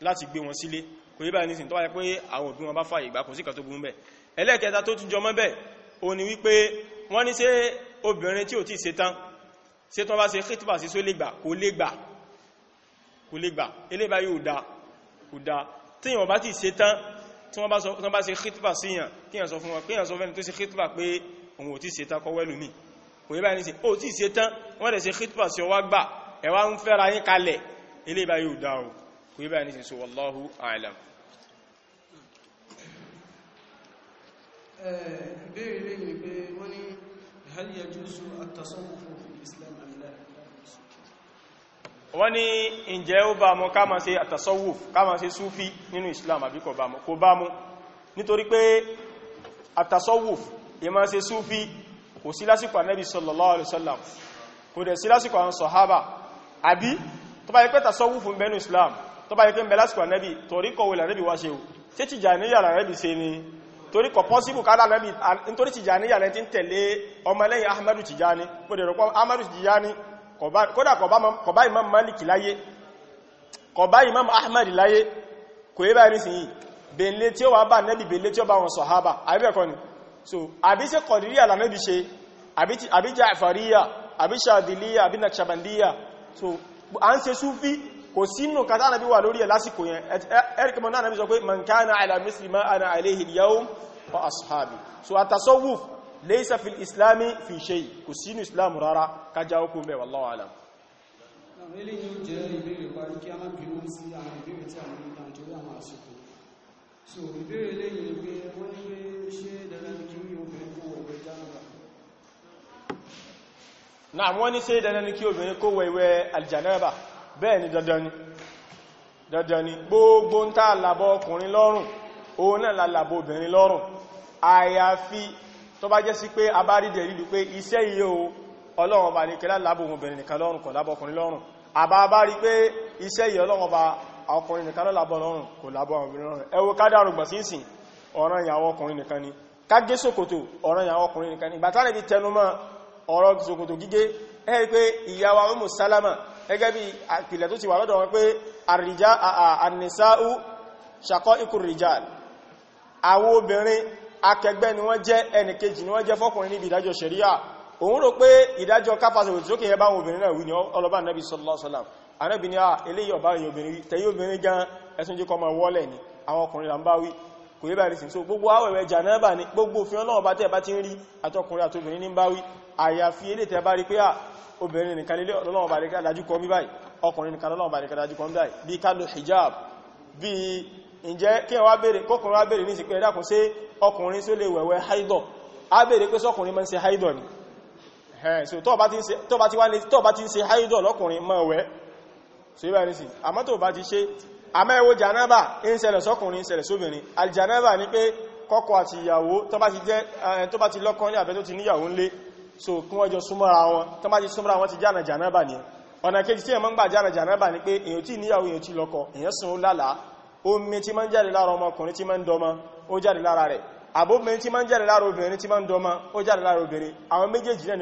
láti gbé wọn sílé kò yí báyìí nísìn tó wáyé pé àwọn òbí wọn bá fàyè ìgbà kò sí kan tó burú bẹ́ẹ̀ ẹlẹ́ẹ̀kẹta tó tún jọ mọ́ bẹ́ẹ̀ o ni wípé ṣe tán tí wọ́n bá ṣe kìtìbà síyàn kíyàn sọ fún wọn kíyàn sọ fẹ́ni tó ṣe kìtìbà pé òun ò tí ṣe tán kọwẹ́lù mi kò yẹ báyìí ní sí ó tí ṣe tán wọ́n dẹ̀ ṣe khitpa sí ọwá gbà ẹwà ń fẹ́ra yín kalẹ̀ ilé ìbá yóò dá o kò yẹ báyìí ní sí so wallahu a'lam ìbéèrè lẹ́yìn ni pé wọ́n ní hal yajuzu at-tasawwuf fi islam àmìlá wọ́n ní ǹjẹ́ ó bá mú ká máa ṣe at ká máa ṣe súfí nínú islam àbí kò bá mú nítorí pé at-tasawwuf ìmá se súfí kò sí lásìkò ànábì sallallahu alaihi wasallam kò dẹ̀ sí lásìkò àwọn sọ̀hábà àbí tó bá yẹ pé tasawufu bẹnu islam tó bá yẹ pé ń bẹ lásìkò ànábì toríkọ̀ wọlé ànábì wá ṣe o tí Tìjàníyà ànábì ṣe ni toríkọ̀ pọ́síbù kára ahmadu Tìjàní kò dẹ̀ ahmadu Tìjàní kódà imam malik láyé kò imam ahmad láyé kò yẹ báyìí nísìnyí bèèlé tí ó wà bá ànábì bèèlé tí ó bá wọn sọ̀hábà àbẹ́ẹ̀kọ́ ni so àbí ṣe kọ̀dìríyà lànàbí ṣe àbí jàfàríyà àbí ṣàdìlíyà àbí nàkṣàbàndíyà so à ń ṣe súfí kò sínú kàtà ànàbí wà lórí ẹ̀ lásìkò yẹn ẹ̀rìkìmọ̀ náà ànàbí sọ pé man kana ala misli ma ana alayhi al-yawm fa ashabi so at-tasawwuf laysa fil islami fi shay kò sínú islam rárá kájá ó kún bẹ̀ wallahu alam so ìbéèrè lẹ́yìn pé wọ́n ní ṣe dandan ní kí obìnrin kó wẹ̀wẹ̀ náà wọ́n ní ṣe dandan ní kí obìnrin kó wẹ̀wẹ̀ aljanaba bẹ́ẹ̀ ni dandan ni dandan ni gbogbo ń tàà làbọ̀ ọkùnrin lọ́rùn òun náà lálàbọ̀ obìnrin lọ́rùn àyàfi tó bá jẹ́ sí pé a bá rí dẹ̀lìlù pé iṣẹ́ iye o ọlọ́run bá ní kẹlá lábò obìnrin nìkan lọ́rùn kò lábọ̀ ọkùnrin lọ́rùn àbá bá rí pé iṣẹ́ iye ọlọ́run bá ọkùnrin nìkan lọ́rùn kò lábọ̀ obìnrin lọ́rùn ẹ wo kádàrùn gbọ̀nsínsìn ọ̀ràn ìyàwó ọkùnrin nìkan ni kágé ṣòkòtò ọ̀ràn ìyàwó ọkùnrin nìkan ni bàtà lè fi tẹnumọ́ ọ̀rọ̀ ṣòkòtò gígé ẹ́ pé ìyàwó ọmọ sálámà gẹ́gẹ́ bí àpìlẹ̀ tó ti wà lọ́dọ̀ wọn pé àrìjá ànísáú ṣàkọ́ ikùrìjá àwọn obìnrin akẹgbẹ́ ni wọ́n jẹ́ ẹnìkejì ni wọ́n jẹ́ fọ́kùnrin níbi ìdájọ́ ṣẹ̀ríà òun rò pé ìdájọ́ a ah, eléyìí ọ̀bá yìí obìnrin tẹ̀yí obìnrin gan ẹ̀sùn jíkọ́ ma wọ́lẹ̀ ni àwọn ọkùnrin là kò yẹ báyìí sín so gbogbo àwẹ̀wẹ̀ jànáàbà ní gbogbo òfin Ọlọ́run bá tẹ́ bá ti ń rí àtọkùnrin àtobìnrin ní bá wí àyàfi ilé tẹ́ bá rí pé à obìnrin nìkan nílé Ọlọ́run bá rí ká dájú kọ́ hijab bí ǹjẹ́ kí wá béèrè kọkùnrin wá béèrè ní ìsìnkú ẹ̀dàkùn sí ọkùnrin tó lè wẹ̀wẹ̀ haidọ̀ á béèrè pé sọkùnrin máa ń ṣe haidọ̀ ni tó bá ti ń ṣe haidọ̀ lọ́kùnrin máa wẹ̀ so ibà ní sí àmọ́ tó bá ti àmẹ́wò janaba ń ṣẹlẹ̀ sọ́kùnrin ṣẹlẹ̀ sóbìnrin aljanaba ni pé kọ́kọ àti ìyàwó tó bá ti lọ́kọ ní àbẹ́ tó ti níyàwó ń lé so kún ọjọ́ súnmọ́ra wọn tó bá ti súnmọ́ra wọn ti jána janaba ni ọ̀nà kejì tí ẹ̀mọ́ ń gbà jána ni pé èyàn tí níyàwó èyàn tí lọ́kọ èyàn sùn lálàá omi tí máa ń jáde lára ọmọkùnrin tí máa ń dọmọ ó jáde lára rẹ̀ àbóbìnrin tí máa ni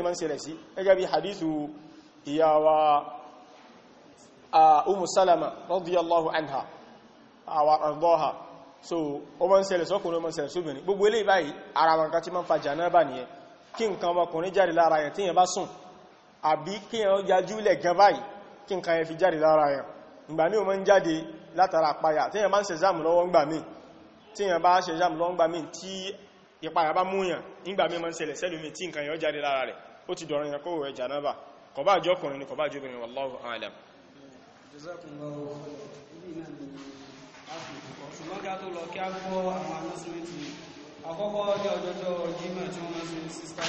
máa ń ṣẹlẹ̀ sí ìyàwó umu uh, salama radiyallahu anha awa ardoha so o ma ń ṣẹlẹ̀ sọ́kùnrin o ma sóbìnrin gbogbo ilé báyìí ara wọn kan tí ma ń fa jànáàbà nìyẹn kí nǹkan ọmọkùnrin jáde lára yẹn tí yẹn bá sùn àbí kí yẹn yajú lẹ̀ gan báyìí kí nǹkan yẹn fi jáde lára yẹn ìgbà míì o ma ń jáde látara jazakumullahu khairan ibi náà ni a sì kọ́ ṣùgbọ́n kí a tó lọ kí a gbọ́ àwọn anọ́símẹ́ntì àkọ́kọ́ ní ọjọ́jọ́ jimá tí wọ́n máa ń ṣe sísá